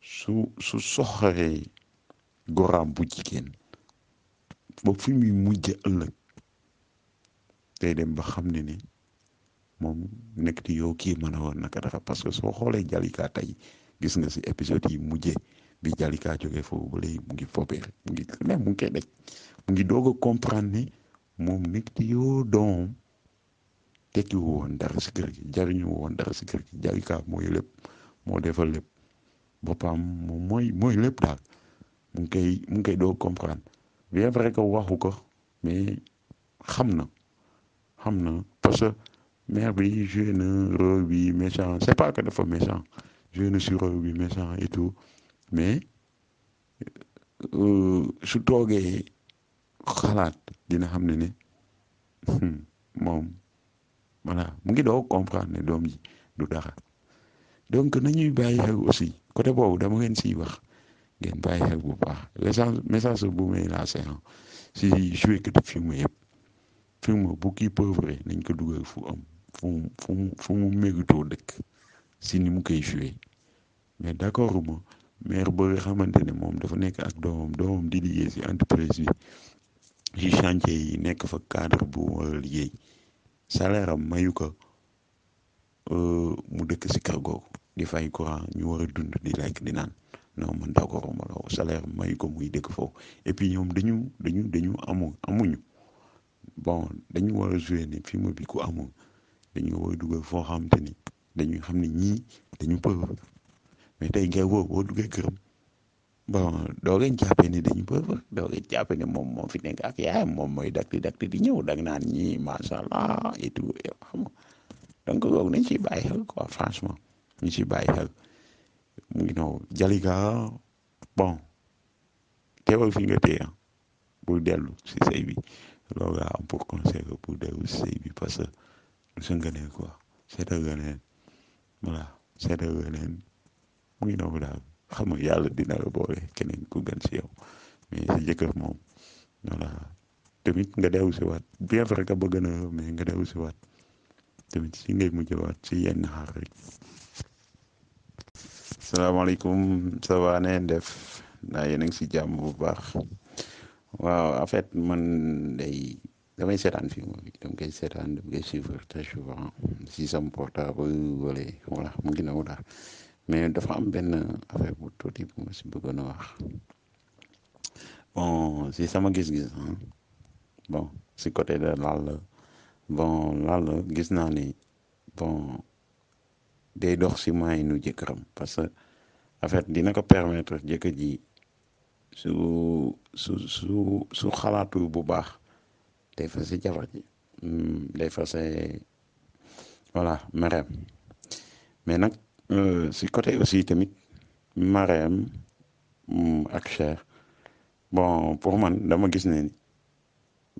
su soxoree goraam bu jigéen ba fi mu mujj ëllëg day dem ba xam ne ni moom nekk di yow kii mën a woon naka dara parce que soo xoolee Jalika tey gis nga si épisode yi mujje bi Jalika jógee foofu ba mu ngi fobeer mu ngi mais mu ni moom nekk di yoo doom tekki woon dara si kër gi jariñu woon dara si kër gi jalika mooy lépp moo defal lépp boppam moom moy mooy lépp daal mu ngi koy mu ngi koy doo comprendre bien vrai que waxu ko mais xam na xam na parce que mère bi joué na rôle bi méchant c'est pas que dafa méchant joué na si rôle bi méchant et tout mais euh, su toogee xalaat dina xam ni ne hmm, moom voilà mu ngi doog comprendre ne doom ji du dara donc nañuy bàyyi xel aussi côté boobu dama ngeen siy wax ngeen bàyyi xel bu baax message message bu may lancé si joué que film yëpp film bu kii pauvre nañ ko dugal fu am fu fu mu fu mu dëkk si ni mu koy joué mais d' accord ma maire ba nga xamante ne moom dafa nekk ak doom doom di liggéey si entreprise bi si chantier yi nekk fa cadre bu war liggéey saleer am mayu ko euh, mu dëkk si kër googu di fay courant ñu war a dund di lekk di naan non man d'accord ma loolu salaire mayu ko muy dëkk foofu et puis ñoom dañu dañu dañu amu amuñu bon dañu war a jouer ni film bi ku amul dañu war a dugal foo xamante ni dañuy xam ne ñii dañu pauvre mais tey ngay woo boo duggee këram bon doo ngeen jàppee ni dañu bëri doo moom moo fi nekk ak yaayam moom mooy dakti dakti di ñëw da nga naan ñii macha allah et tout xam nga donc loolu nañ ciy bàyyi xel quoi franchement ñu ciy bàyyi xel mu ngi noonu fi nga téye bul dellu si sëy bi loolu laa am pour conseil que pour dellu si sëy bi parce que du sa ngëneel quoi seetal ngëneel voilà seetal ngëneel mu ngi xam nga yàlla dina la boole keneen ku gën si yow mais si jëkkër moom voilà tamit nga dellu si waat bien vrai que bëgg na mais nga dellu si waat tamit si ngay mujj waat si yenn xaar rek. salaamaaleykum ça va ne def naa yéen a ngi si jàmm bu baax waaw en fait man day damay seetaan fi moom dama koy seetaan dama koy si sama portable wala voilà mu ngi mais dafa am benn affaire bu tuuti bu ma si bëggoon a bon si sama gis-gis ah bon si côté de laal bon laal gis naa ni bon day dox si maay nu jëkkëram parce que affaire dina ko permettre jëkkër ji su su su xalaatu bu baax day fa si jabar ji hmm, day fa si voilà mereem mais nag Euh, si côté aussi tamit Marème mm, ak Cheikh bon pour man dama gis ne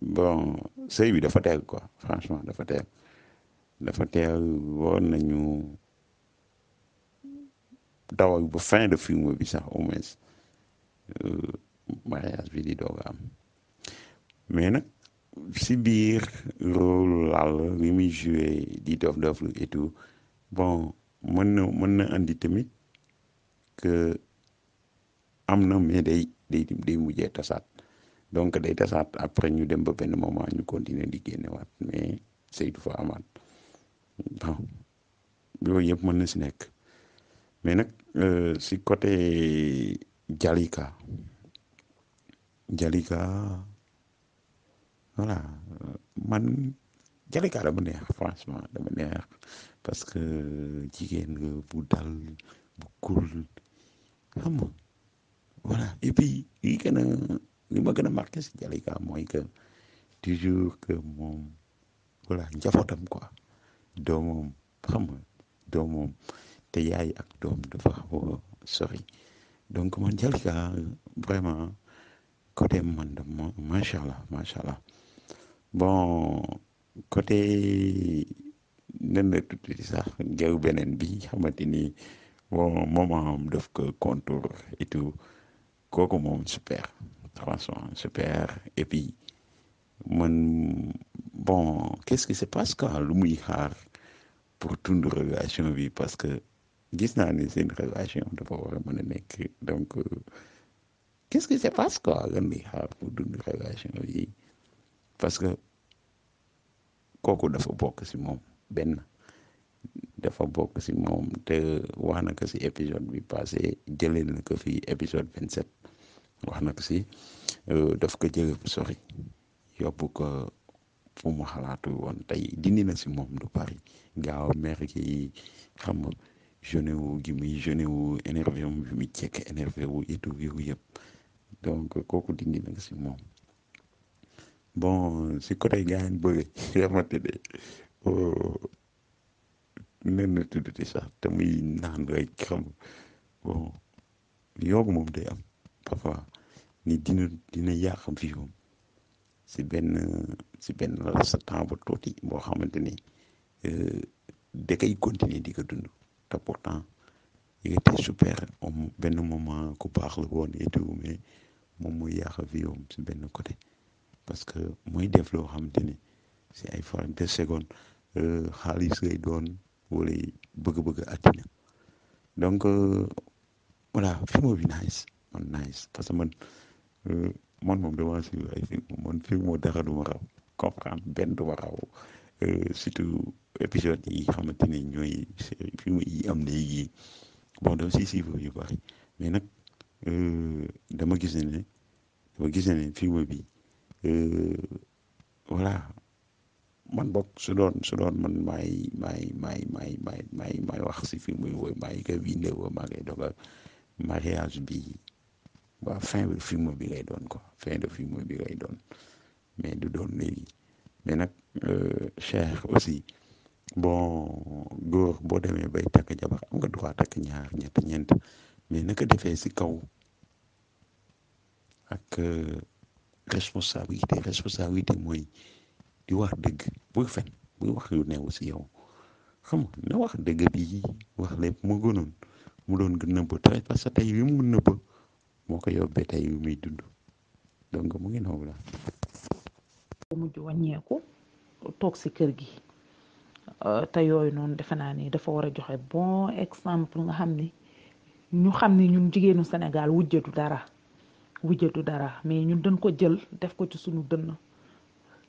bon sëy bi dafa teel quoi franchement dafa teel dafa teel woon nañu dawal ba fin de film bi sax au moins euh, mariage bi di doog am mais nag si biir rôle lal li muy joué di dof dof et tout bon mën na mën na andi tamit am na mais day day day mujjee tasaat donc day tasaat après ñu dem ba benn moment ñu continuer di génnewaat mais sëy du fa amaat bon yooyu yëpp mën na si nekk mais nag euh, si côté Jalika Jalika voilà euh, man. Jalika dama neex franchement dama neex parce que jigéen nga bu dal bu cool xam nga voilà et puis li si Jalika mooy que toujours que moom voilà njabootam quoi doomam xam nga doomam te yaay doom dafa xaw a sori donc man Jalika vraiment côté man de macha allah macha allah bon. côté nan la tuddati sax jaww beneen bi xamante ni bon moment am daf ko contour et kooku moom super franchement super et puis man bon qu'est-ce qui se passe quoi lu muy xaar pour tund relation bi parce que gis naa ne seen relation dafa war a mën a nekk donc euh, qu'est-ce qui se passe quoi lan muy xaar pour tund relation bi parce kooku dafa bokk si moom benn dafa bokk si moom te wax na ko ci épisode bi passé jëlee na ko fi épisode vingt sept wax na si euh, daf ko jëlee bu sori yóbbu ko fu mu xalaatu woon tey dindi na ci moom du bari gaaw mer gi xam nga jeune wu gi muy jeune wu énervé wu bi muy jekk énervé wu et tout yëpp donc kooku dindi na si moom. bon si côté gars yi bëgg xamante ne oh, nen na tuddati sax te muy naan rek xam bon yoogu moom day am parfois ni dina dina yàqam fi moom si benn si benn sa bu tuuti boo xamante ni eh, da kay continuer di ko dund te pourtant il était te om benn moment ku baax la woon et tout mais moom mooy yàq si benn côté parce que mooy def loo xamante ni si ay francs de seconde euh, xaalis lay doon wala bëgg-bëgg àddina donc euh, voilà film bi nice man nice parce que man euh, man moom dama suivre ay film man film moo dara du ma raw comprendre benn du ma surtout épisode yi xamante ni ñooy film yi am léegi bon dama si suivre yu bari mais nag dama gis ne dama gis ne film bi. Euh, voilà man bokk su doon su doon man maay maay maay wax si fi muy woy maay ka winde wo maa ngay doga mariage bi waa fin de film bi ngay doon ko fin de film bi ngay doon mais du doon léegi mais nag euh, cher aussi bon góor boo demee bay takk jabar am nga droit takk ñaar ñett ñeent mais naka defee si kaw ak euh, responsabilité responsabilité mooy di wax dëgg buy fen buy wax yu neew si yow xam nga wax dëgg bi wax lépp mu gënoon mu doon gën nëbb te parce que tey bi mu nëbb moo ko yóbbee tey bi muy dund donc mu ngi noonu la mujj wàññeeku toog si kër gi euh, te yooyu noonu defe naa ni dafa war a joxe bon exemple nga xam ni ñu xam ni ñun jigéenu senegal wujjatu dara wujjatu dara mais ñun dañ ko jël def ko ci suñu dënn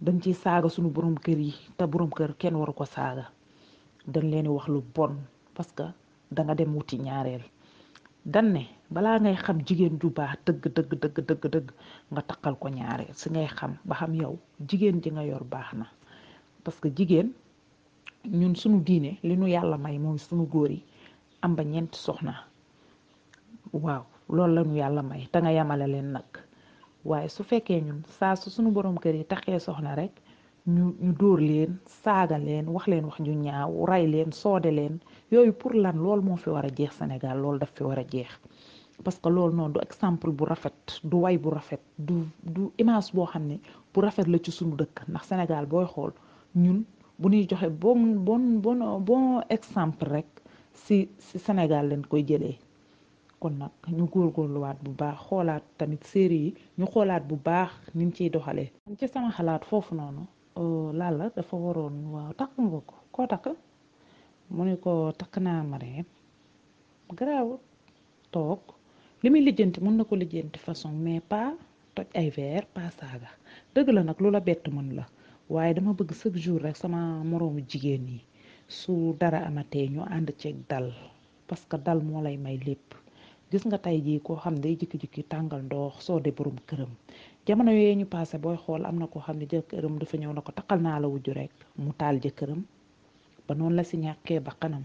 dañ ciy saaga suñu borom kër yi te borom kër kenn waru ko saaga dañ leen wax lu bon parce que da dem wuti ñaareel dan ne balaa ngay xam jigéen ju baax dëgg dëgg dëgg dëgg nga takkal ko ñaareel si ngay xam ba xam yow jigéen ji nga yor baax na parce que jigéen ñun suñu diine li nu yàlla may mooy suñu góor yi am ba ñeenti soxna waaw loolu lañu yàlla may te nga yamale leen nag waaye su fekkee ñun saa su suñu borom kër yi taxee soxna rek ñu ñu dóor leen saaga leen wax leen wax ñu ñaaw rey leen soode leen yooyu pour lan lool moo fi war a jeex Sénégal loolu daf fi war a jeex parce que loolu noonu du exemple bu rafet du way bu rafet du du image boo xam ne bu rafet la ci suñu dëkk ndax Sénégal booy xool ñun bu ñuy joxe bon bon bon exemple rek si si Sénégal leen koy jëlee kon nag ñu góorgóorluwaat bu baax xoolaat tamit série yi ñu xoolaat bu baax niñ ciy doxalee. ci sama xalaat foofu noonu euh, la dafa waroon waaw takk nga ko koo takk mu ne ko takk naa Marème garaawut toog li muy lijjanti mën na ko lijjanti façon mais pas toj ay verre pas saaga dëgg la nag lu la bett mën la waaye dama bëgg chaque jour rek sama moroomu jigéen yi su dara amatee ñu ànd ceeg dal parce que dal moo lay may lépp. gis nga tey jii koo xam day jikki-jikki tàngal ndox soo de borom këram jamono yooyu ñu passé booy xool am na koo xam ne jëkkëram dafa ñëw na ko taqal naa la wujju rek mu taal jëkkëram ba noonu la si ñàkkee ba kanam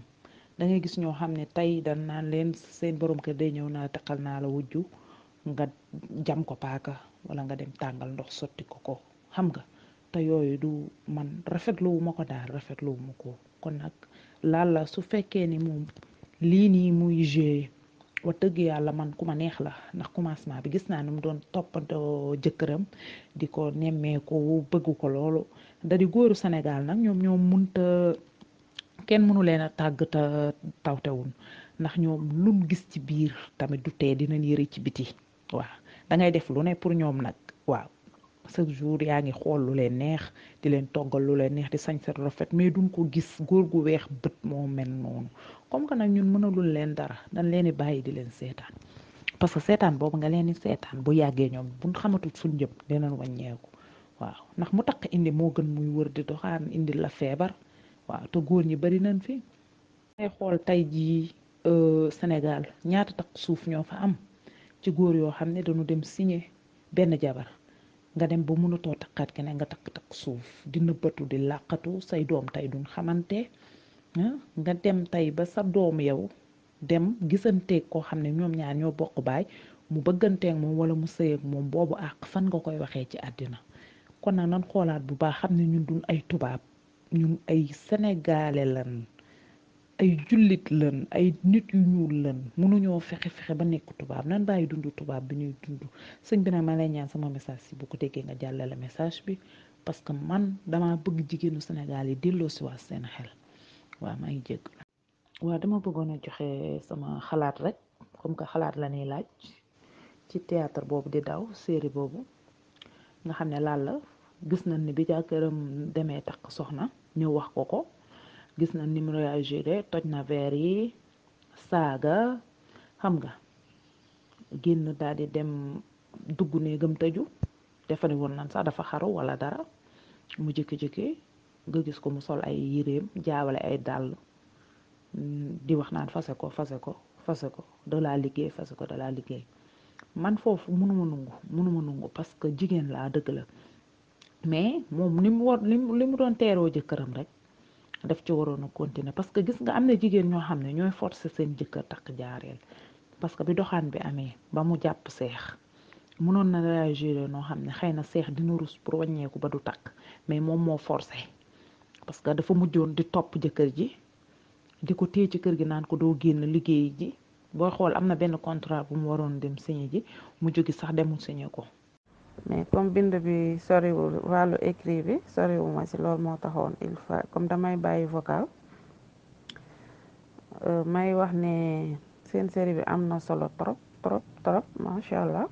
da gis ñoo xam ne tey dan naan leen seen borom kër day ñëw naa taqal naa la wujju nga jam ko paaka wala nga dem tàngal ndox sotti ko ko xam nga te yooyu du man rafetlu wu ma ko daal rafetlu wu ma ko kon nag laal su fekkee ni moom lii nii muy joué wax dëgg yàlla man ku ma neex la ndax commencement bi gis naa ni mu doon toppandoo jëkkëram di ko nemmeeku bëggu ko loolu da di góoru Sénégal nag ñoom ñoom munta kenn mënu leen a tàgg te tawtewul ndax ñoom luñ gis ci biir tamit du tee dina yëre ci biti waaw da ngay def lu ne pour ñoom nag waaw chaque jour yaa ngi xool lu leen neex di leen toggal lu leen neex di sañ sa rafet mais duñ ko gis góor gu weex bët moo mel noonu comme que nag ñun mënalul leen dara dañ leen di bàyyi di leen seetaan parce que seetaan boobu nga leen di seetaan bu yàggee ñoom buñ xamatul suñ jëm dinañ wàññeeku waaw ndax mu taq indi moo gën muy wër di doxaan indi la feebar waaw te góor ñi bari nañ fi. ngay xool tey jii euh, Sénégal ñaata taq suuf ñoo fa am ci góor yoo xam ne dañu dem signé benn jabar nga dem ba mënatoo takkaat keneen nga takk takk suuf di nëbbatu di làqatu say doom tey duñ xamante. Ah, nga dem tey ba sa doom yow dem gisanteeg koo xam ne ñoom ñaar ñoo bokk baay mu bëgganteeg moom wala mu sëyeeg moom boobu àq fan nga koy waxee ci àddina kon nag nan xoolaat bu baax xam ne ñun duñ ay tubaab ñun ay sénégalais lan ay jullit lan ay nit yu ñuul lan mënuñoo fexe fexe ba nekk tubaab nan bàyyi dund tubaab bi ñuy dund sëñ bi nag ma lay ñaan sama message si bu ko déggee nga la message bi parce que man dama bëgg jigéenu Sénégal yi delloo si waa waaw maa ngi jégg dama bëggoon a joxe sama xalaat rek comme que xalaat la ñuy laaj ci théâtre boobu di daw série boobu nga xam ne laal la gis nañ ni bi jàkkëram demee takk soxna ñëw wax ko ko gis na ni mu réagir toj na verre yi saaga xam nga génn daal di dem dugg néegam tëju defe ne woon nan sax dafa xaru wala dara mu jékki-jékki nga gis ko mu sol ay yéreem jaawale ay dàll di wax naan fase ko fase ko fase ko dalaa liggéey fase ko dalaa liggéey man foofu mënuma nungu mënuma nungu parce que jigéen laa dëgg la mais moom ni mu war li mu doon teeroo jëkkëram rek daf ci waroon a continuer parce que gis nga am na jigéen ñoo xam ne ñooy forcer seen jëkkër takk jaareel parce que bi doxaan bi amee ba mu jàpp seex mënoon na réagir noo xam ne xëy na seex dina rus pour wàññeeku ba du takk mais moom moo forcé parce que dafa mujjoon di topp jëkkër ji di ko téye ci kër gi naan ko doo génn liggéey ji boo xool am na benn contrat bu mu waroon dem signé ji mu jógi sax demul signé ko mais comme bind bi soriwul wàllu écrit bi soriwul ma si loolu moo taxoon il fa comme damay bàyyi vocal euh, may wax ne seen série bi am na solo trop trop trop macha allah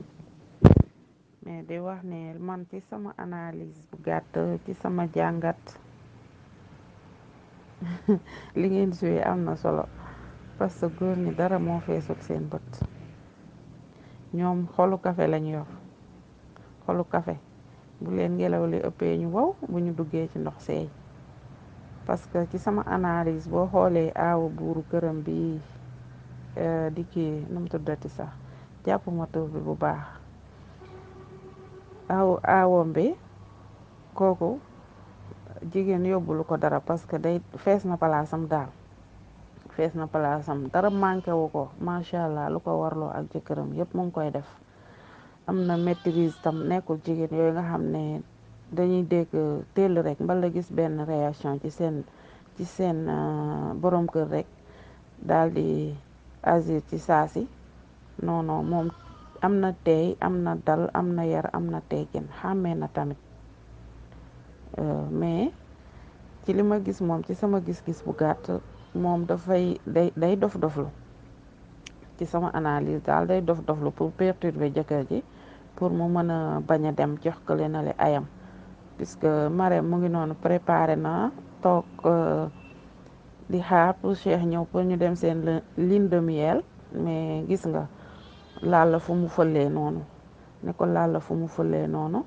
mais di wax ne man ci sama analyse bu gàtt ci sama jàngat li ngeen joué am na solo parce que góor ñi dara moo feesul seen bët ñoom xolu kafe lañu yor xolu kafe bu leen ngelaw li ëppee ñu wow bu ñu duggee ci ndox seey parce que ci sama analyse boo xoolee aawu buuru këram bi euh, di kii nu mu tuddati sax jàpp ma bi bu baax aaw aawom bi kooku jigéen yóbbulu ko dara parce que day fees na palaasam daal fees na palaasam dara manqué wu ko macha allah lu ko warloo ak jëkkëram yëpp mu ngi koy def am na maîtrise tam nekkul jigéen yooyu nga xam ne dañuy dégg téel rek mbala gis benn réaction ci seen ci seen euh, borom kër rek daal di agir ci saasi non non moom am na teey am na dal am na yar am na teggin xàmmee na tamit Euh, mais ci li ma gis moom ci sama gis-gis bu gàtt moom dafay day day dof doflu ci sama analyse daal day dof doflu pour perturber jëkkër ji pour mu mën a bañ a dem jox ko leen ale ayam puisque Marème mu ngi noonu préparé na toog euh, di xaar pour Cheikh ñëw pour ñu dem seen lune de miel mais gis nga laal la fu mu fëlee noonu ne laal la fu mu fëlee noonu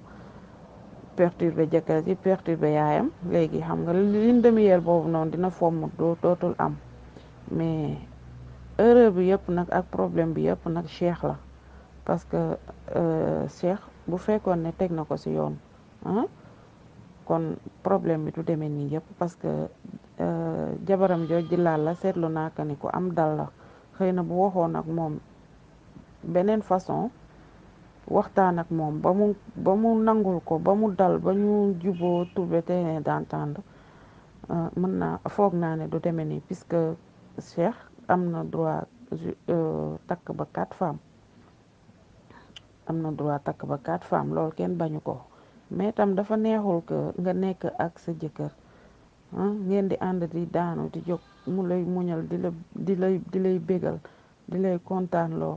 perturbé jëkkër ji perturbé yaayam léegi xam nga lune de miel boobu noonu dina fomm dootul am mais erreur bi yëpp nag ak problème bi yëpp nag Cheikh la parce que euh, Cheikh bu fekkoon ne teg na ko si yoon ah, kon problème bi du demee nii yëpp parce que euh, jabaram jooju ji laal la seetlu naa ko ku am dal la xëy na bu waxoon ak moom beneen façon waxtaan ak moom ba mu ba mu nangul ko ba mu dal ba ñu juboo trouver terrain d'entente euh, mën naa foog naa ne du demee nii puisque Cheikh am na droit euh, takk ba quatre femmes am na droit takk ba quatre femmes loolu kenn bañu ko mais tam dafa neexul que nga nekk ak sa jëkkër ngeen di ànd di daanu di jóg mu lay muñal di di lay di lay bégal di lay kontaan loo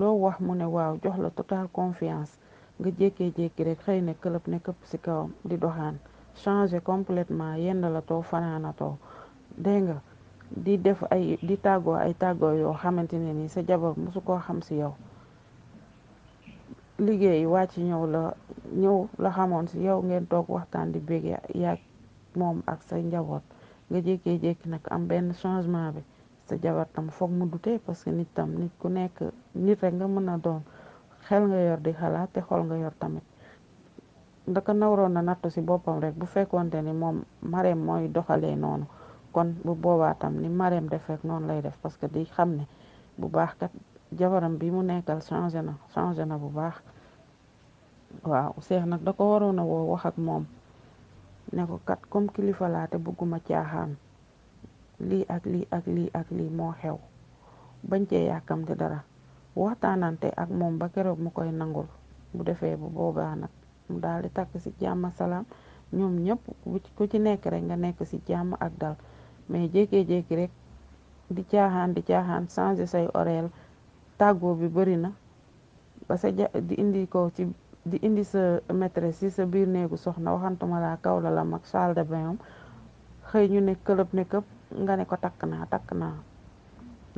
loo wax mu ne waaw jox la total confiance nga jékkee-jékki rek xëy ne club ne këpp ci kawam di doxaan changé complètement yenn la fanaana toog dégg nga di def ay di tàggoo ay tàggoo yoo xamante ne ni sa jabar mosu koo xam ci yow liggéey ci ñëw la ñëw la xamoon ci yow ngeen toog waxtaan di bégg yaag moom ak sa njaboot nga jékki jékki nag am benn changement bi sa jabar tam foog mu dute parce que nit tam nit ku nekk nit rek nga mën a doon xel nga yor di xalaat te xool nga yor tamit ndaka naroon na nattu si boppam rek bu fekkoonte ni moom mareem mooy doxalee noonu kon bu boobaa tam ni mareem def fek noonu lay def parce que di xam ne bu baax kat jabaram bi mu nekkal changé na changé na bu baax waaw seex nag da ko waroon a woo wax ak moom nekko kat comme kilifa laa te bëgguma caaxaan lii ak lii ak lii ak lii moo xew bañ cee yàkkamte dara waxtaanante ak moom ba këroog mu koy nangul bu defee bu boobaa nag mu daal di takk ci jàmm salaam ñoom ñëpp ku ci nekk rek nga nekk ci jàmm ak dal mais jékki-jékki rek di caaxaan di caaxaan changer say orel tàggoo bi bëri na ba sa di indi ko ci di indi sa maîtresse ci sa biir néegu soxna waxantuma laa kaw la la mag salle de bain am ñu ne këlëb ne nga ne ko takk naa takk naa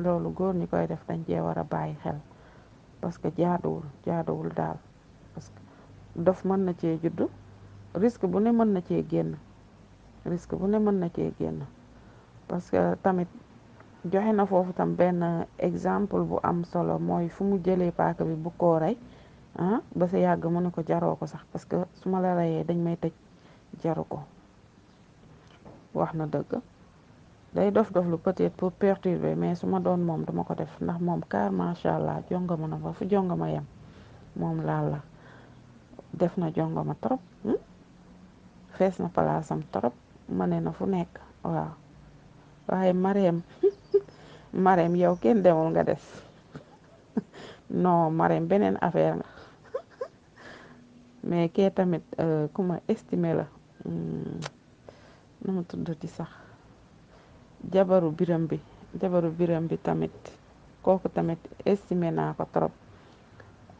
loolu góor ñi koy def dañ cee war a bàyyi xel parce que jaaduwul jaaduwul daal parce que dof mën na cee juddu risque bu ne mën na cee génn risque bu ne mën na cee génn parce que tamit joxe na foofu tam benn exemple bu am solo mooy fu mu jëlee paaka bi bu koo rey ah ba sa yàgg mu ne ko jaroo ko sax parce que su ma la reyee dañ may tëj jaru ko wax na dëgg day dof dof lu peut-être pour perturber mais suma doon moom duma ko def ndax moom car macha allah jongama na fa fu jongama yem moom laal la def na jongama trop hmm? fees na palaasam trop mane na fu nekk waaw waaye mareem mareem yow kenn demul nga des non mareem beneen affaire nga mais kee tamit euh, ku ma estimé la hmm, nu mu tuddati sax jabaru biram bi jabaru biram bi tamit kooku tamit estimé naa ko trop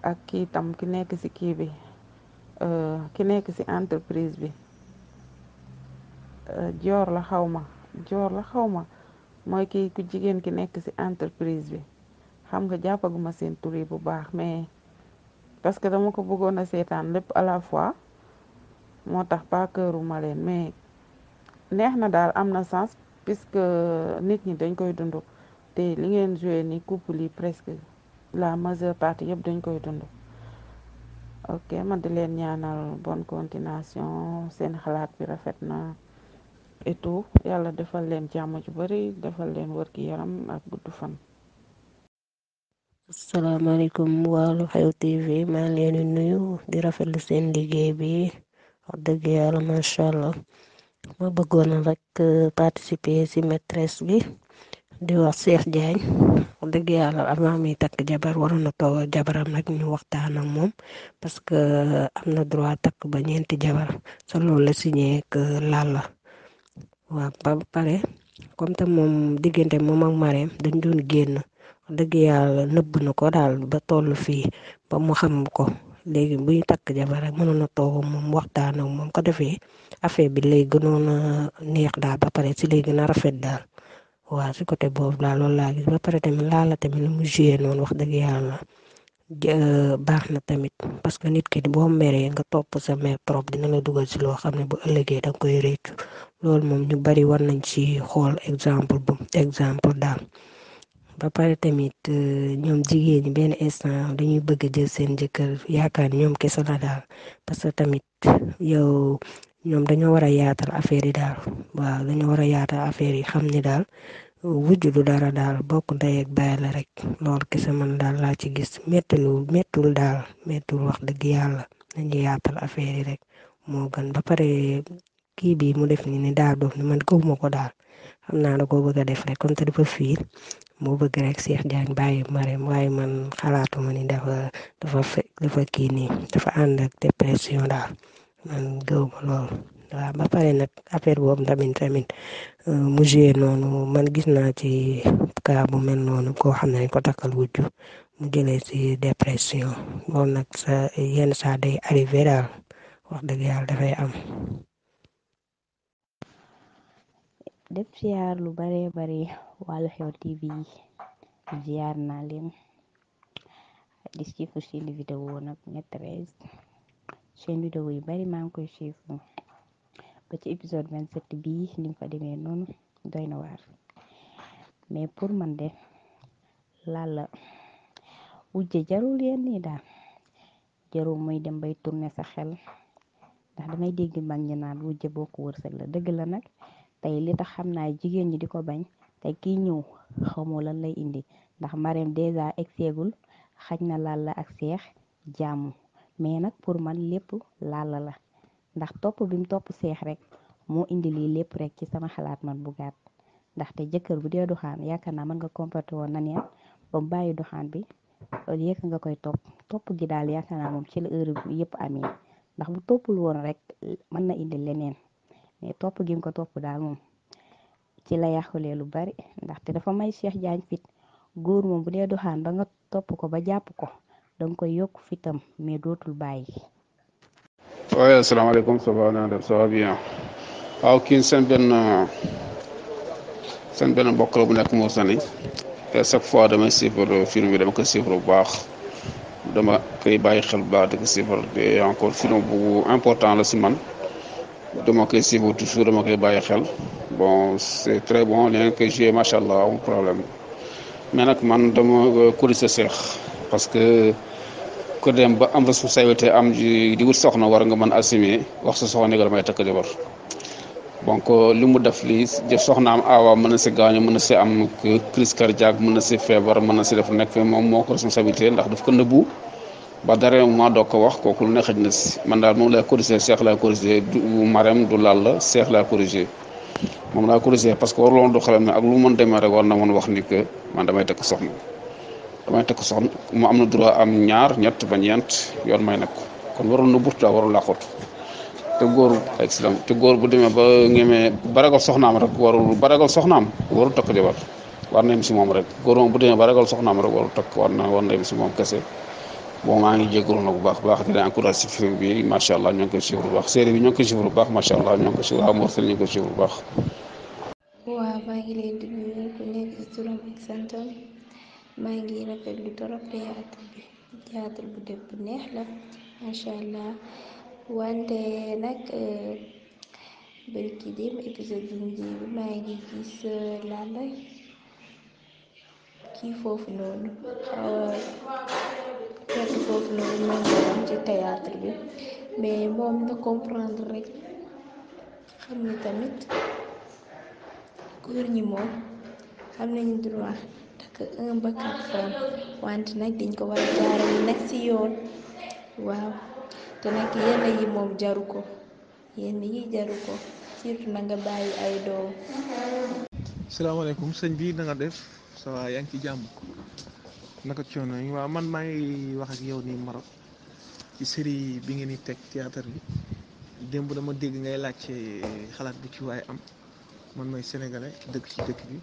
ak kii tam ki nekk ci kii bi euh, ki nekk ci entreprise bi euh, joor la xawma joor la xawma mooy kii ku jigéen ki nekk ci entreprise bi xam nga jàppaguma seen tur bu baax mais parce que dama ko bëggoon a seetaan lépp à la fois moo tax pas këru ma leen mais neex na daal am na sens puisque nit ñi dañ koy dund te li ngeen joué ni couple yi presque la majeure partie yëpp dañ koy dund ok ma di leen ñaanal bonne continuation seen xalaat bi rafet na et tout yàlla defal leen jàmm ju bari defal leen wër gi yaram ak gudd fan asalaamaaleykum waa Lu Xew TV maa ngi leen di nuyu di seen liggéey bi wax dëgg yàlla macha allah ma bëggoon rek euh, participer ci maîtresse bi di wax Cheikh Diagne dëgg yàlla avant mi takk jabar waroon na toog jabaram nag ñu waxtaan ak moom parce que euh, am na droit takk ba ñeenti jabar sa loolu la signé ak euh, ba pare comme te moom diggante moom ak Marème dañ doon génn dëgg yàlla nëbb na ko daal ba toll fii ba mu xam ko léegi bu ñu takk jabar rek mënoon a toog moom waxtaan a moom ko defee affaire bi lay gënoon a neex daal ba pare si lay gën a rafet daal waaw si côté boobu daal loolu laa gis ba pare tamit laala tamit ni mu joué noonu wax dëgg yàlla euh, baax na tamit parce que nit ki boo meree nga topp sa mer trop dina la dugal si loo xam ne bu ëllëgee da nga koy réccu loolu moom ñu bari war nañ ci xool exemple bu exemple daal. ba pare tamit euh, ñoom jigéen ñi benn instant dañuy bëgg jël seen jëkkër yaakaar ñoom kese la daal parce que tamit yow ñoom dañoo war a yaatal affaire yi daal waaw dañoo war a yaatal affaire yi xam ni daal wujj du dara daal bokk ndey ak baay rek lool kese man daal laa ci gis méttilu méttul daal méttul wax dëgg yàlla nañu yaatal affaire yi rek moo gën ba pare kii bi mu def ni ne daal doof ni man gëwuma ko daal xam naa da koo bëgg a def rek comme te dafa fiir moo bëgg rek Cheikh Diagne bàyyi Marème waaye man xalaatuma ni dafa dafa dafa nii dafa ànd ak dépression daal man gëw ma lool waaw ba pare nag affaire boobu tamit tamit euh, mu joué noonu man gis naa ci cas bu mel noonu koo xam ne ko takkal wujju mu jëlee si dépression loolu nag sa yenn saa day daal wax dëgg yàlla dafay am. def siyaar lu bare bare wàllu xew tv ziyaar naa leen di suivre seen vidéo nag maîtresse seen vidéo yi bari maa ngi koy suivre ba ci épisode 27 bii ni mu fa demee noonu doy na waar mais pour man de la wujje jarul yéen nii daal jarul muy dem bay tourner sa xel ndax damay dégg mag ñi naan wujje boo ko wërsëg la dëgg la nag tey li tax xam naa jigéen ñi di ko bañ te kii ñëw xamoo lan lay indi ndax Marème dèjà egseegul xaj na laal la ak Seex jàmm mais nag pour man lépp Lalla la ndax topp bi mu topp Seex rek moo indi lii lépp rek ci sama xalaat man bu gàtt ndaxte jëkkër bu dee doxaan yaakaar naa mën nga comporté woon na neen ba mu bàyyi doxaan bi yëkk nga koy topp topp gi daal yaakaar naa moom ci la heure yëpp amee ndax bu toppul woon rek mën na indi leneen mais topp gi ko topp daal moom ci la yàqulee lu bari ndaxte dafa may Cheikh Diagne fit góor moom bu dee doxaan ba nga topp ko ba jàpp ko danga koy yokk fitam mais dootul bàyyi. waaye asalaamaaleykum ça va na def ça va bien waaw kii seen benn seen mbokk bu nekk Mauritanie te chaque fois damay suivre film bi dama koy suivre bu baax dama koy bàyyi xel bu baax di ko suivre te encore film bu important la si man. dama koy suivre toujours dama koy bàyyi xel bon c'est très bon léegi que j'ai macha allah problème mais nag man dama euh, kuréel seex parce que ku dem ba am responsabilité am di wut soxna war nga mën assumer wax sa soxna nga may takk jabar donc euh, li mu def lii jëf soxnaam awa mën na si gaañu mën na si am crise cardiaque mën na si feebar mën na si def nekk moom moo ko responsabilité ndax daf ko nëbbu. ba dara ma doog ko wax kooku lu ne xëj na mandaal man daal moom laa corrigé seex laa corrigé du du laal la seex laa corrigé moom laa corrigé parce que waruloon du xelam ne ak lu mën demee rek war na mën wax ni que man damay takk soxna mu am na droit am ñaar ñett ba ñeent yoon may nag kon warul na burtu warul la te góor excellent te góor bu demee ba ñemee baragal soxnaam rek warul baragal soxnaam warul takk jabar war na si moom rek góor bu demee baragal soxnaam rek warul takk war na war na yem si moom kese bon maa ngi jégalu na bu baax baax di la encouragé si film bi macha allah ñoo ngi koy suivre bu baax série bi ñoo ngi koy suivre bu baax macha allah ñoo ngi koy suivre amour série ñu ngi koy suivre maa ngi leen di nuyu ku bi théâtre bu def neex la macha allah wante nag euh, barki dem épisode bi maa ngi gis euh, Lalla. kii foofu noonu xaw a foofu noonu moom ci théâtre bi mais moom na comprendre rek xam ni tamit góor ñi moom xam nañu droit takk un ba quatre femmes wante nag dañ ko war a jaarale nag ci yoon waaw te nag yenn yi moom jaru ko yenn yi jaru ko surtout na nga bàyyi ay doom. salaamaaleykum sëñ bi na def. ça va yaa ngi ci jàmm naka coono yi waaw man maa ngi wax ak yow nii Maroc ci série bi ngeen di teg théâtre bi démb dama dégg ngay laajte xalaat bi ci waaye am man may sénégalais dëkk ci dëkk bi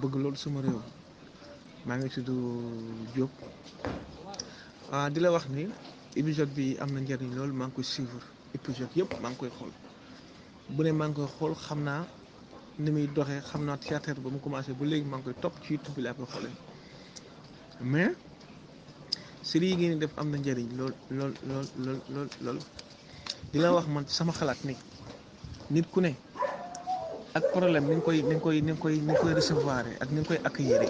bëgg loolu sama réew maa ngi tudd Diop ah di la wax ni épisode bi am na njariñ lool maa ngi koy suivre épisode yëpp maa ngi koy xool bu ne maa ngi koy xool xam naa. ni muy doxee xam naa théâtre ba mu commencé bu léegi maa ngi koy topp ci YouTube bi laa koy xoolee mais série yi ngeen def am na njariñ lool lool lool lool lool lool wax man ci sama xalaat ni nit ku ne ak problème ni nga koy ni nga koy ni nga koy ni nga koy recevoir ak ni nga koy accueillir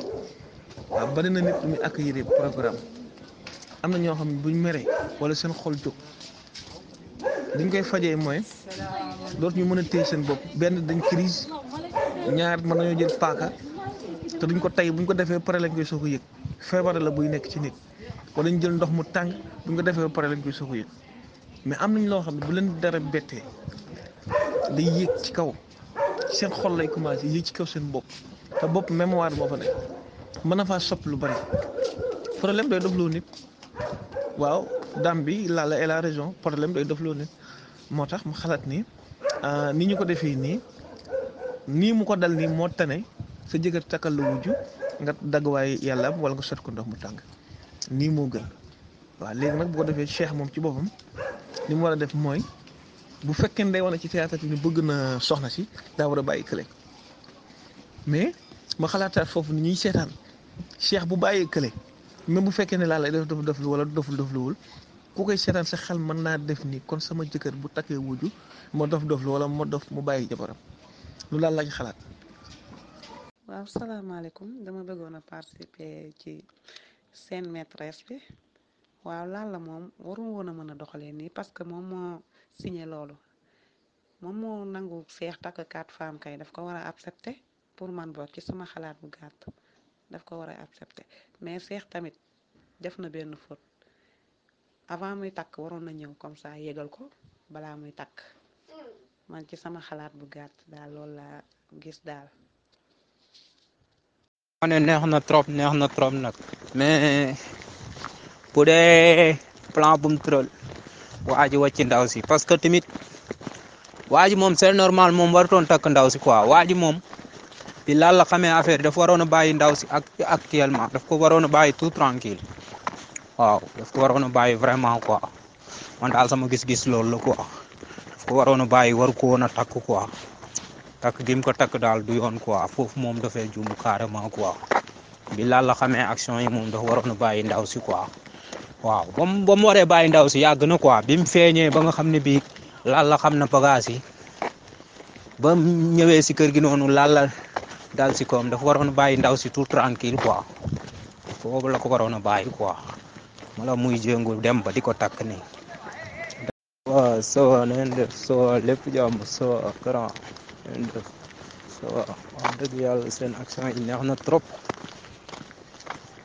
waaw bari na nit ak yére programme am na ñoo xam ne buñ meree wala seen xol jóg. li koy fajee mooy loolu ñu mën a téye seen bopp benn dañ crise ñaar mën nañoo jël paaka te duñ ko tay buñ ko defee pare lañ koy soog a yëg feebare la buy nekk ci nit wala ñu jël ndox mu tànk buñ ko defee pare lañ koy soog a yëg mais am nañ loo xam ne bu leen dara bettee day yéeg ci kaw seen xol lay commencé yéeg ci kaw seen bopp te bopp mémoire moo fa nekk mën na faa sopp lu bari problème day loo nit waaw dame bi la la elle a raison problème day dofloo nit. moo tax mu xalaat ni euh, ni ñu ko defee nii nii mu ko dal nii moo tane sa jëkkër takkal la wujj nga dagg waaye yàlla am wala nga sot ko ndox mu tàng nii moo gën waaw léegi nag bu ko defee cheikh moom ci boppam ni mu war a def mooy bu fekkee ne day wane ci théâtre bi ni bëgg na soxna si daa war a bàyyi kële mais ma xalaataat foofu ni ñuy seetaan cheikh bu bàyyee kële même bu fekkee ne laa lay def dof wala dof dof luwul ku koy seetaan sa xel mën naa def ni kon sama jëkkër bu takkee wuju ma dof dof la wala ma dof mu bàyyi jabaram lu daal lañ xalaat. waaw salaamaaleykum dama bëggoon a participer ci seen maîtresse bi waaw Lalla moom waru woon a mën a doxalee nii parce que moom moo signé loolu moom moo nangu seex takk quatre femmes kay daf ko war a accepter pour man boog ci sama xalaat bu gàtt daf ko war a accepter mais seex tamit def na benn faute. avant muy takk waroon na ñëw comme ça yégal ko balaa muy takk man ci sama xalaat bu gàtt daal loolu laa gis daal. ma ne neex na trop neex na trop nag mais bu dee plan bu mu tëral waa ndaw si parce que tamit waa ji moom c'est normal moom warutoon takk ndaw si quoi waa ji moom bi laal la xamee affaire dafa waroon a bàyyi ndaw si ak actuellement daf ko waroon a bàyyi tout tranquille waaw daf ko waroon a bàyyi vraiment quoi man daal sama gis-gis loolu la quoi daf a bàyyi war ko woon a takk quoi takk gi mu ko takk daal du yoon quoi foofu moom dafay juum carrément quoi bi laal la xamee action yi moom dafa waroon a bàyyi ndaw si quoi waaw ba mu ba mu ndaw si yàgg na quoi bi mu feeñee ba nga xam ne bii laal la xam na bagages yi ba ñëwee si kër gi noonu laal la dal si koom dafa waroon a bàyyi ndaw si tout tranquille quoi foofu la ko waroon a bàyyi quoi. wala muy jëngu dem ba di ko takk ni waaw soo neen lépp jàmm soo grand neen def soo dëgg yàlla seen action yi neex na trop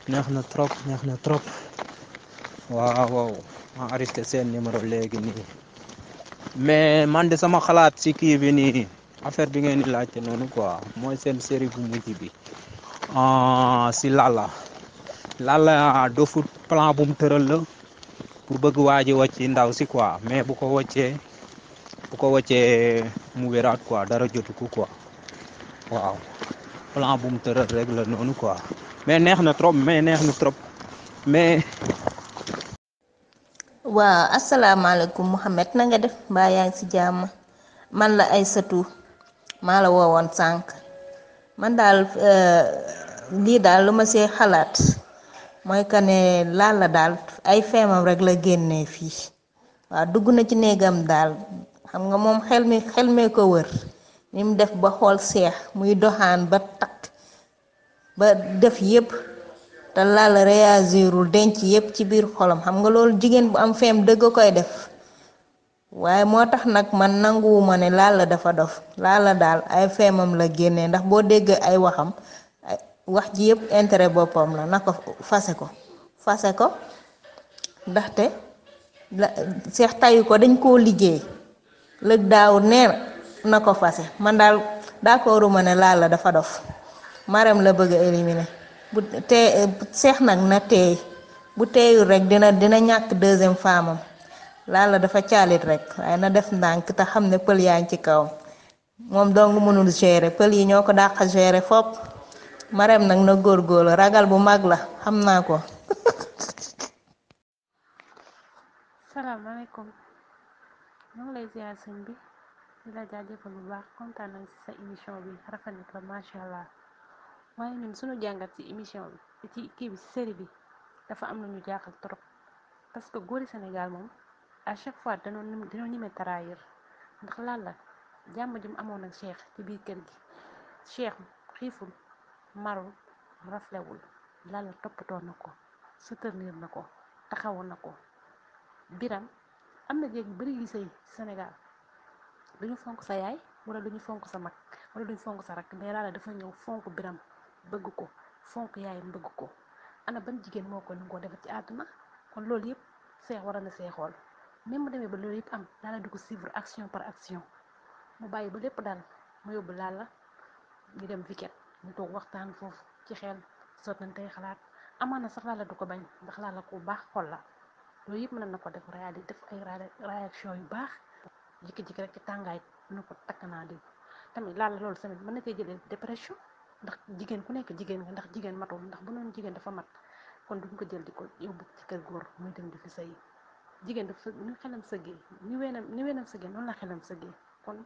neex na trop neex na trop waaw waaw ma seen numéro léegi nii mais man de sama xalaat si kii bi nii affaire bi ngeen di laajte noonu quoi mooy seen série bu mujj bi ah, si Lala Lalla ah, dofut plan bu mu tëral la pour bëgg waa ji wàcc ndaw si quoi mais bu ko wàccee bu ko wàccee mu wéraat quoi dara jotu ko quoi waaw plan bu mu tëral rek la noonu quoi mais neex na trop mais neex na trop mais. waaw asalaamaaleykum Mouhamed na nga def mbaa yaa ngi si jàmm man la ay Aysatu maa la woowoon sànq man daal euh, lii daal lu ma see xalaat. mooy que ne Lalla daal ay feemam rek la génnee fii waaw dugg na ci néegam daal xam nga moom xel mi xel mee ko wër ni mu def ba xool seex muy doxaan ba takk ba def yépp te Lalla réagirul denc yépp ci biir xolam xam nga loolu jigéen bu am feem dëgg a koy def waaye moo tax nag man nanguwuma ne Lalla dafa dof Lalla daal ay feemam la génnee ndax boo dégg ay waxam wax ji yëpp intérêt boppam la na ko fase ko fase ko ndaxte seex tayu ko dañ koo liggéey lëg daaw nee na ko fase man daal d'accorduma ne laal la dafa dof maram la bëgg a éliminer bu tee seex nag na teey bu teeyul rek dina dina ñàkk deuxième femme am laal la dafa caalit rek waaye na def ndànk te xam ne pël yaa ngi ci kawam moom dong mënul gérer pël yi ñoo ko dàq gérer fopp Marème nag na góorgóorlu ragal bu mag la xam naa ko. salaamaaleykum ñu ngi lay ziar bi di la jaajëfal bu baax kontaan nañ ci sa émission bi rafet na trop macha allah waaye ñun suñu jàngat ci émission bi ci kii bi ci série bi dafa am lu ñu jaaxal trop parce que góori Sénégal moom à chaque fois dañoo nim dañoo ñeme trahir ndax lan la jàmb ji amoon ak Cheikh ci biir kër gi Cheikh xiiful. marul raflewul Lalla toppatoo na ko soutenir na ko taxawu na ko biram am na jéeg yu bari yu sëy Sénégal duñu fonk sa yaay wala duñu fonk sa mag wala duñu fonk sa rakk mais Lalla dafa ñëw fonk biram bëgg ko fonk yaayam bëgg ko ana ban jigéen moo ko nangoo defar ci na kon loolu yëpp seex war na seexool même mu demee ba loolu yëpp am Lalla du ko suivre action par action mu bàyyi ba lépp daal mu yóbbu Lalla ñu dem weekend ñu toog waxtaan foofu ci xel sottantey xalaat amaana sax laala du ko bañ ndax laala ku baax xol la loolu yëpp mën na ko def raadi def ay réaction yu baax jikki-jikki rek ci tàngaay mën na ko takk naa diw tamit laala loolu tamit mën na koy jëlee dépression ndax jigéen ku nekk jigéen nga ndax jigéen matul ndax bu noonu jigéen dafa mat kon duñ ko jël di ko ci kër góor muy dem di fi sëy jigéen dafa ñu xelam sëggee nu weenam ni weenam sëggee noonu la xelam sëggee kon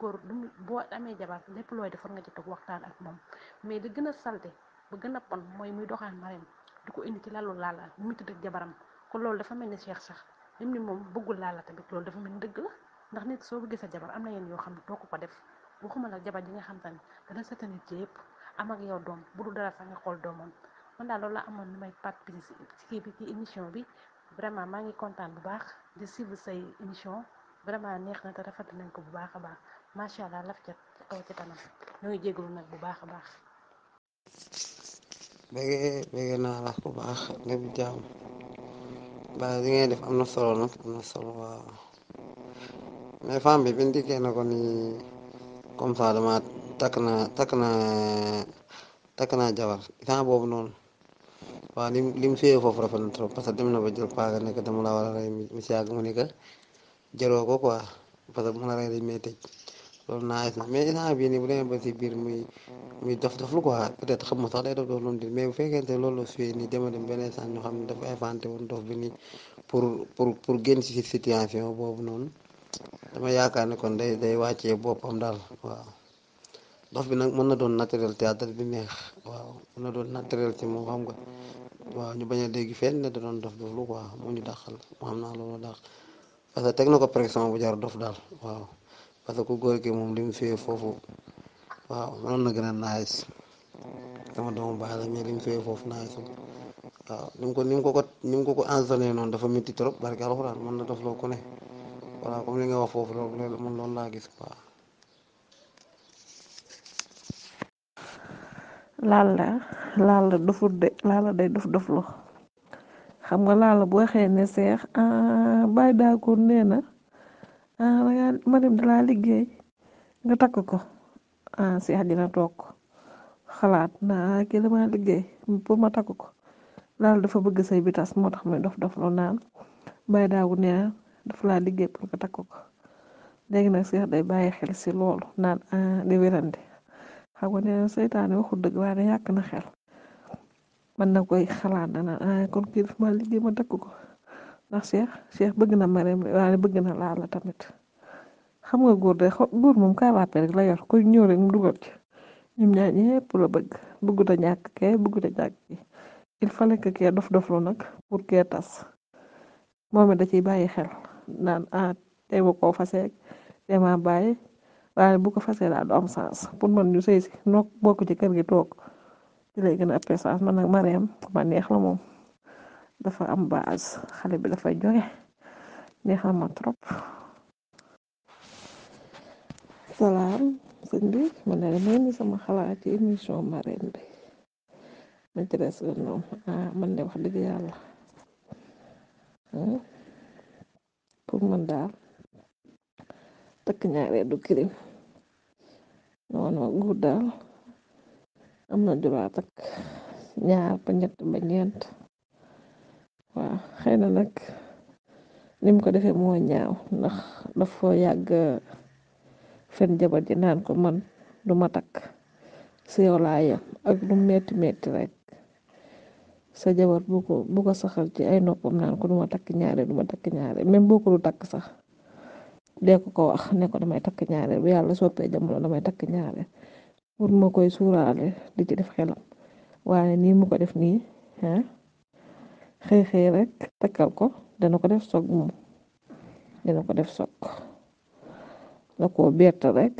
góor lu boo amee jabar lépp looy def nga ci toog waxtaan ak moom mais da gën a salte ba gën a pon mooy muy doxaan mareem di ko indi ci lalu laal bu mu tëdd ak jabaram kon loolu dafa mel ni Cheikh sax lim ni moom bëggul laala tamit loolu dafa mel dëgg la ndax nit soo bëggee sa jabar am na yenn yoo xam ne doo ko ko def waxuma la jabar ji nga xam te ne dana sëtanit ci yëpp am ak yow doom bu dul dara sa nga xool doomam man daal loolu la amoon ni may participer ci kii bi ci émission bi vraiment maa ngi kontaan bu baax di suivre say émission vraiment neex na te rafet nañ ko bu baax a baax macha allah laf ca kaw ci kanam ñooy jéglu nag bu baax baax. bëgg bëgg naa bu baax nga bi jàmm ba li ngay def am na solo am na solo mais femme bi bi ñu dikkee na ko takk na takk naa takk naa jabar temps boobu noonu waaw lim lim fiyee foofu rafet na trop parce dem na ba jël paaga nekk dama la war mi si mu ne que ko quoi parce que mu la rey dañ tëj. loolu naaj na mais instant bii nii bu demee ba si biir muy muy dof dof lu ko xaar peut être xam nga sax day dof dof lu mu di mais bu fekkente ne loolu la suyee nii dama xam ne dafa inventé woon dof bi nii pour pour pour génn si situation boobu noonu dama yaakaar ne kon day day wàccee boppam daal waaw dof bi nag mën na doon naturel théâtre bi neex waaw mën na doon naturel ci xam nga waaw ñu bañ a dégg fenn ne da doon dof dof lu quoi mu ñu dàqal mu xam naa loolu dàq parce que teg na ko pression bu jar dof daal waaw. parce que ku góor ki moom li mu foofu waaw mënoon na gën a sama doomu baax la mais li mu fee foofu nice waaw ni ko ni ko ko ni mu ko ko enseigné noonu dafa métti trop barke alxuraan mën na dof loo ko ne voilà li nga wax foofu loolu man loolu laa gis quoi. Lalla Lalla dofut de Lalla day dof dof lu xam nga Lalla boo xee ne seex ah bàyyi daa ko nee ah danga Marim dalaa liggéey nga takk ko ah Cheikh dina toog xalaat na ah, kii dama liggéey pour ma takk ko daal dafa bëgg say bi tas moo tax muy dof dof lu naan bay daawu nee na dafa laa liggéey pour nga takk ko léegi nag Cheikh day bàyyi xel si loolu naan ah di wérante xam nga nee na seytaane waxul dëgg waaye yàq na xel man na koy xalaat na naan ah, kon kii ma liggéey ma takk ko. ndax Cheikh Cheikh bëgg na Marème waaye bëgg na Lalla tamit xam nga góor de góor moom kaay wàppe rek la yor ku ñëw rek mu dugal ci ñoom ñaar la bëgg bëggut a ñàkk kee bëggut a ñàkk kii il fallait que kee dof-doflu nag pour ke tas moom it da ciy bàyyi xel naan ah tey ma koo fasee tey maa bàyyi waaye bu ko fasee daal du am pour man ñu sëy si noo bokk ci kër gi toog ci lay gën a appeler ma man nag Marème ma neex la moom. dafa am baas xale bi dafa joxe neex na ma trop salaam sëñ bi ma ne ni sama xalaat ci émission marraine bi maîtresse d'un homme ah man de wax dëgg yàlla hmm? pour man daal takk ñaaree du crime non non daal am na droit takk ñaar ba ñett ba ñeent waaw xëy na nag nim ko defee moo ñaaw ndax daf ko yàgg euh, fen jabar ji naan ko man du ma takk si yow laa yem ak lu metti metti rek sa jabar bu ko bu ko saxal ci ay noppam naan ko du ma takk ñaare du ma takk ñaare même boo ko du takk sax dee ko wax ne ko damay takk ñaare bu yàlla soppee jamono damay takk ñaare pour ma koy suurale di ci def xelam waaye nii mu ko def nii xëy rek takkal ko dana ko def soog moom dana ko def soog da koo bett rek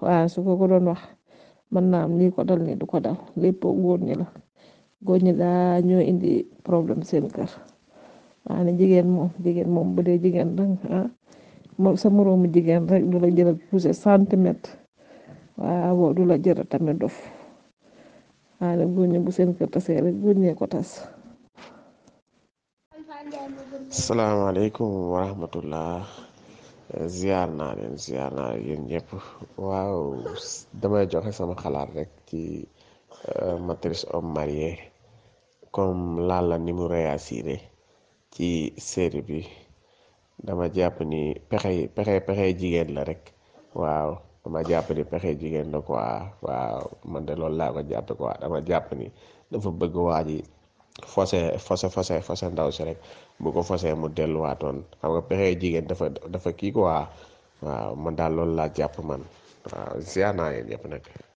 waaye su ko ko doon wax mën naa am lii ko dal ni du ko dal lépp góor ñi la góor ñi daa ñoo indi problème seen kër waaye jigéen moom jigéen moom bu dee jigéen rek ah, moom sa moroomu jigéen rek du la jëral poussé centimètre waaw du la jëral tamit dof waaye góor ñi bu seen kër tasee rek góor ko tas. salaamaaleykum wa rahmatullah ziar naa leen ziar naa leen yéen waaw damay joxe sama xalaat rek ci euh, maîtresse homme kom comme Lalla ni mu réagir ci série bi dama jàpp ni pexe pexe pexe jigéen la rek waaw dama jàpp ni pexe jigéen la quoi waaw man de loolu laa ko jàppe quoi dama jàpp ni dafa bëgg waa ji fase fase fase fase ndaw si rek bu ko fase mu delluwaatoon xam nga pexe jigéen dafa dafa kii quoi waaw man daal loolu laa jàpp man waaw ziar naa yéen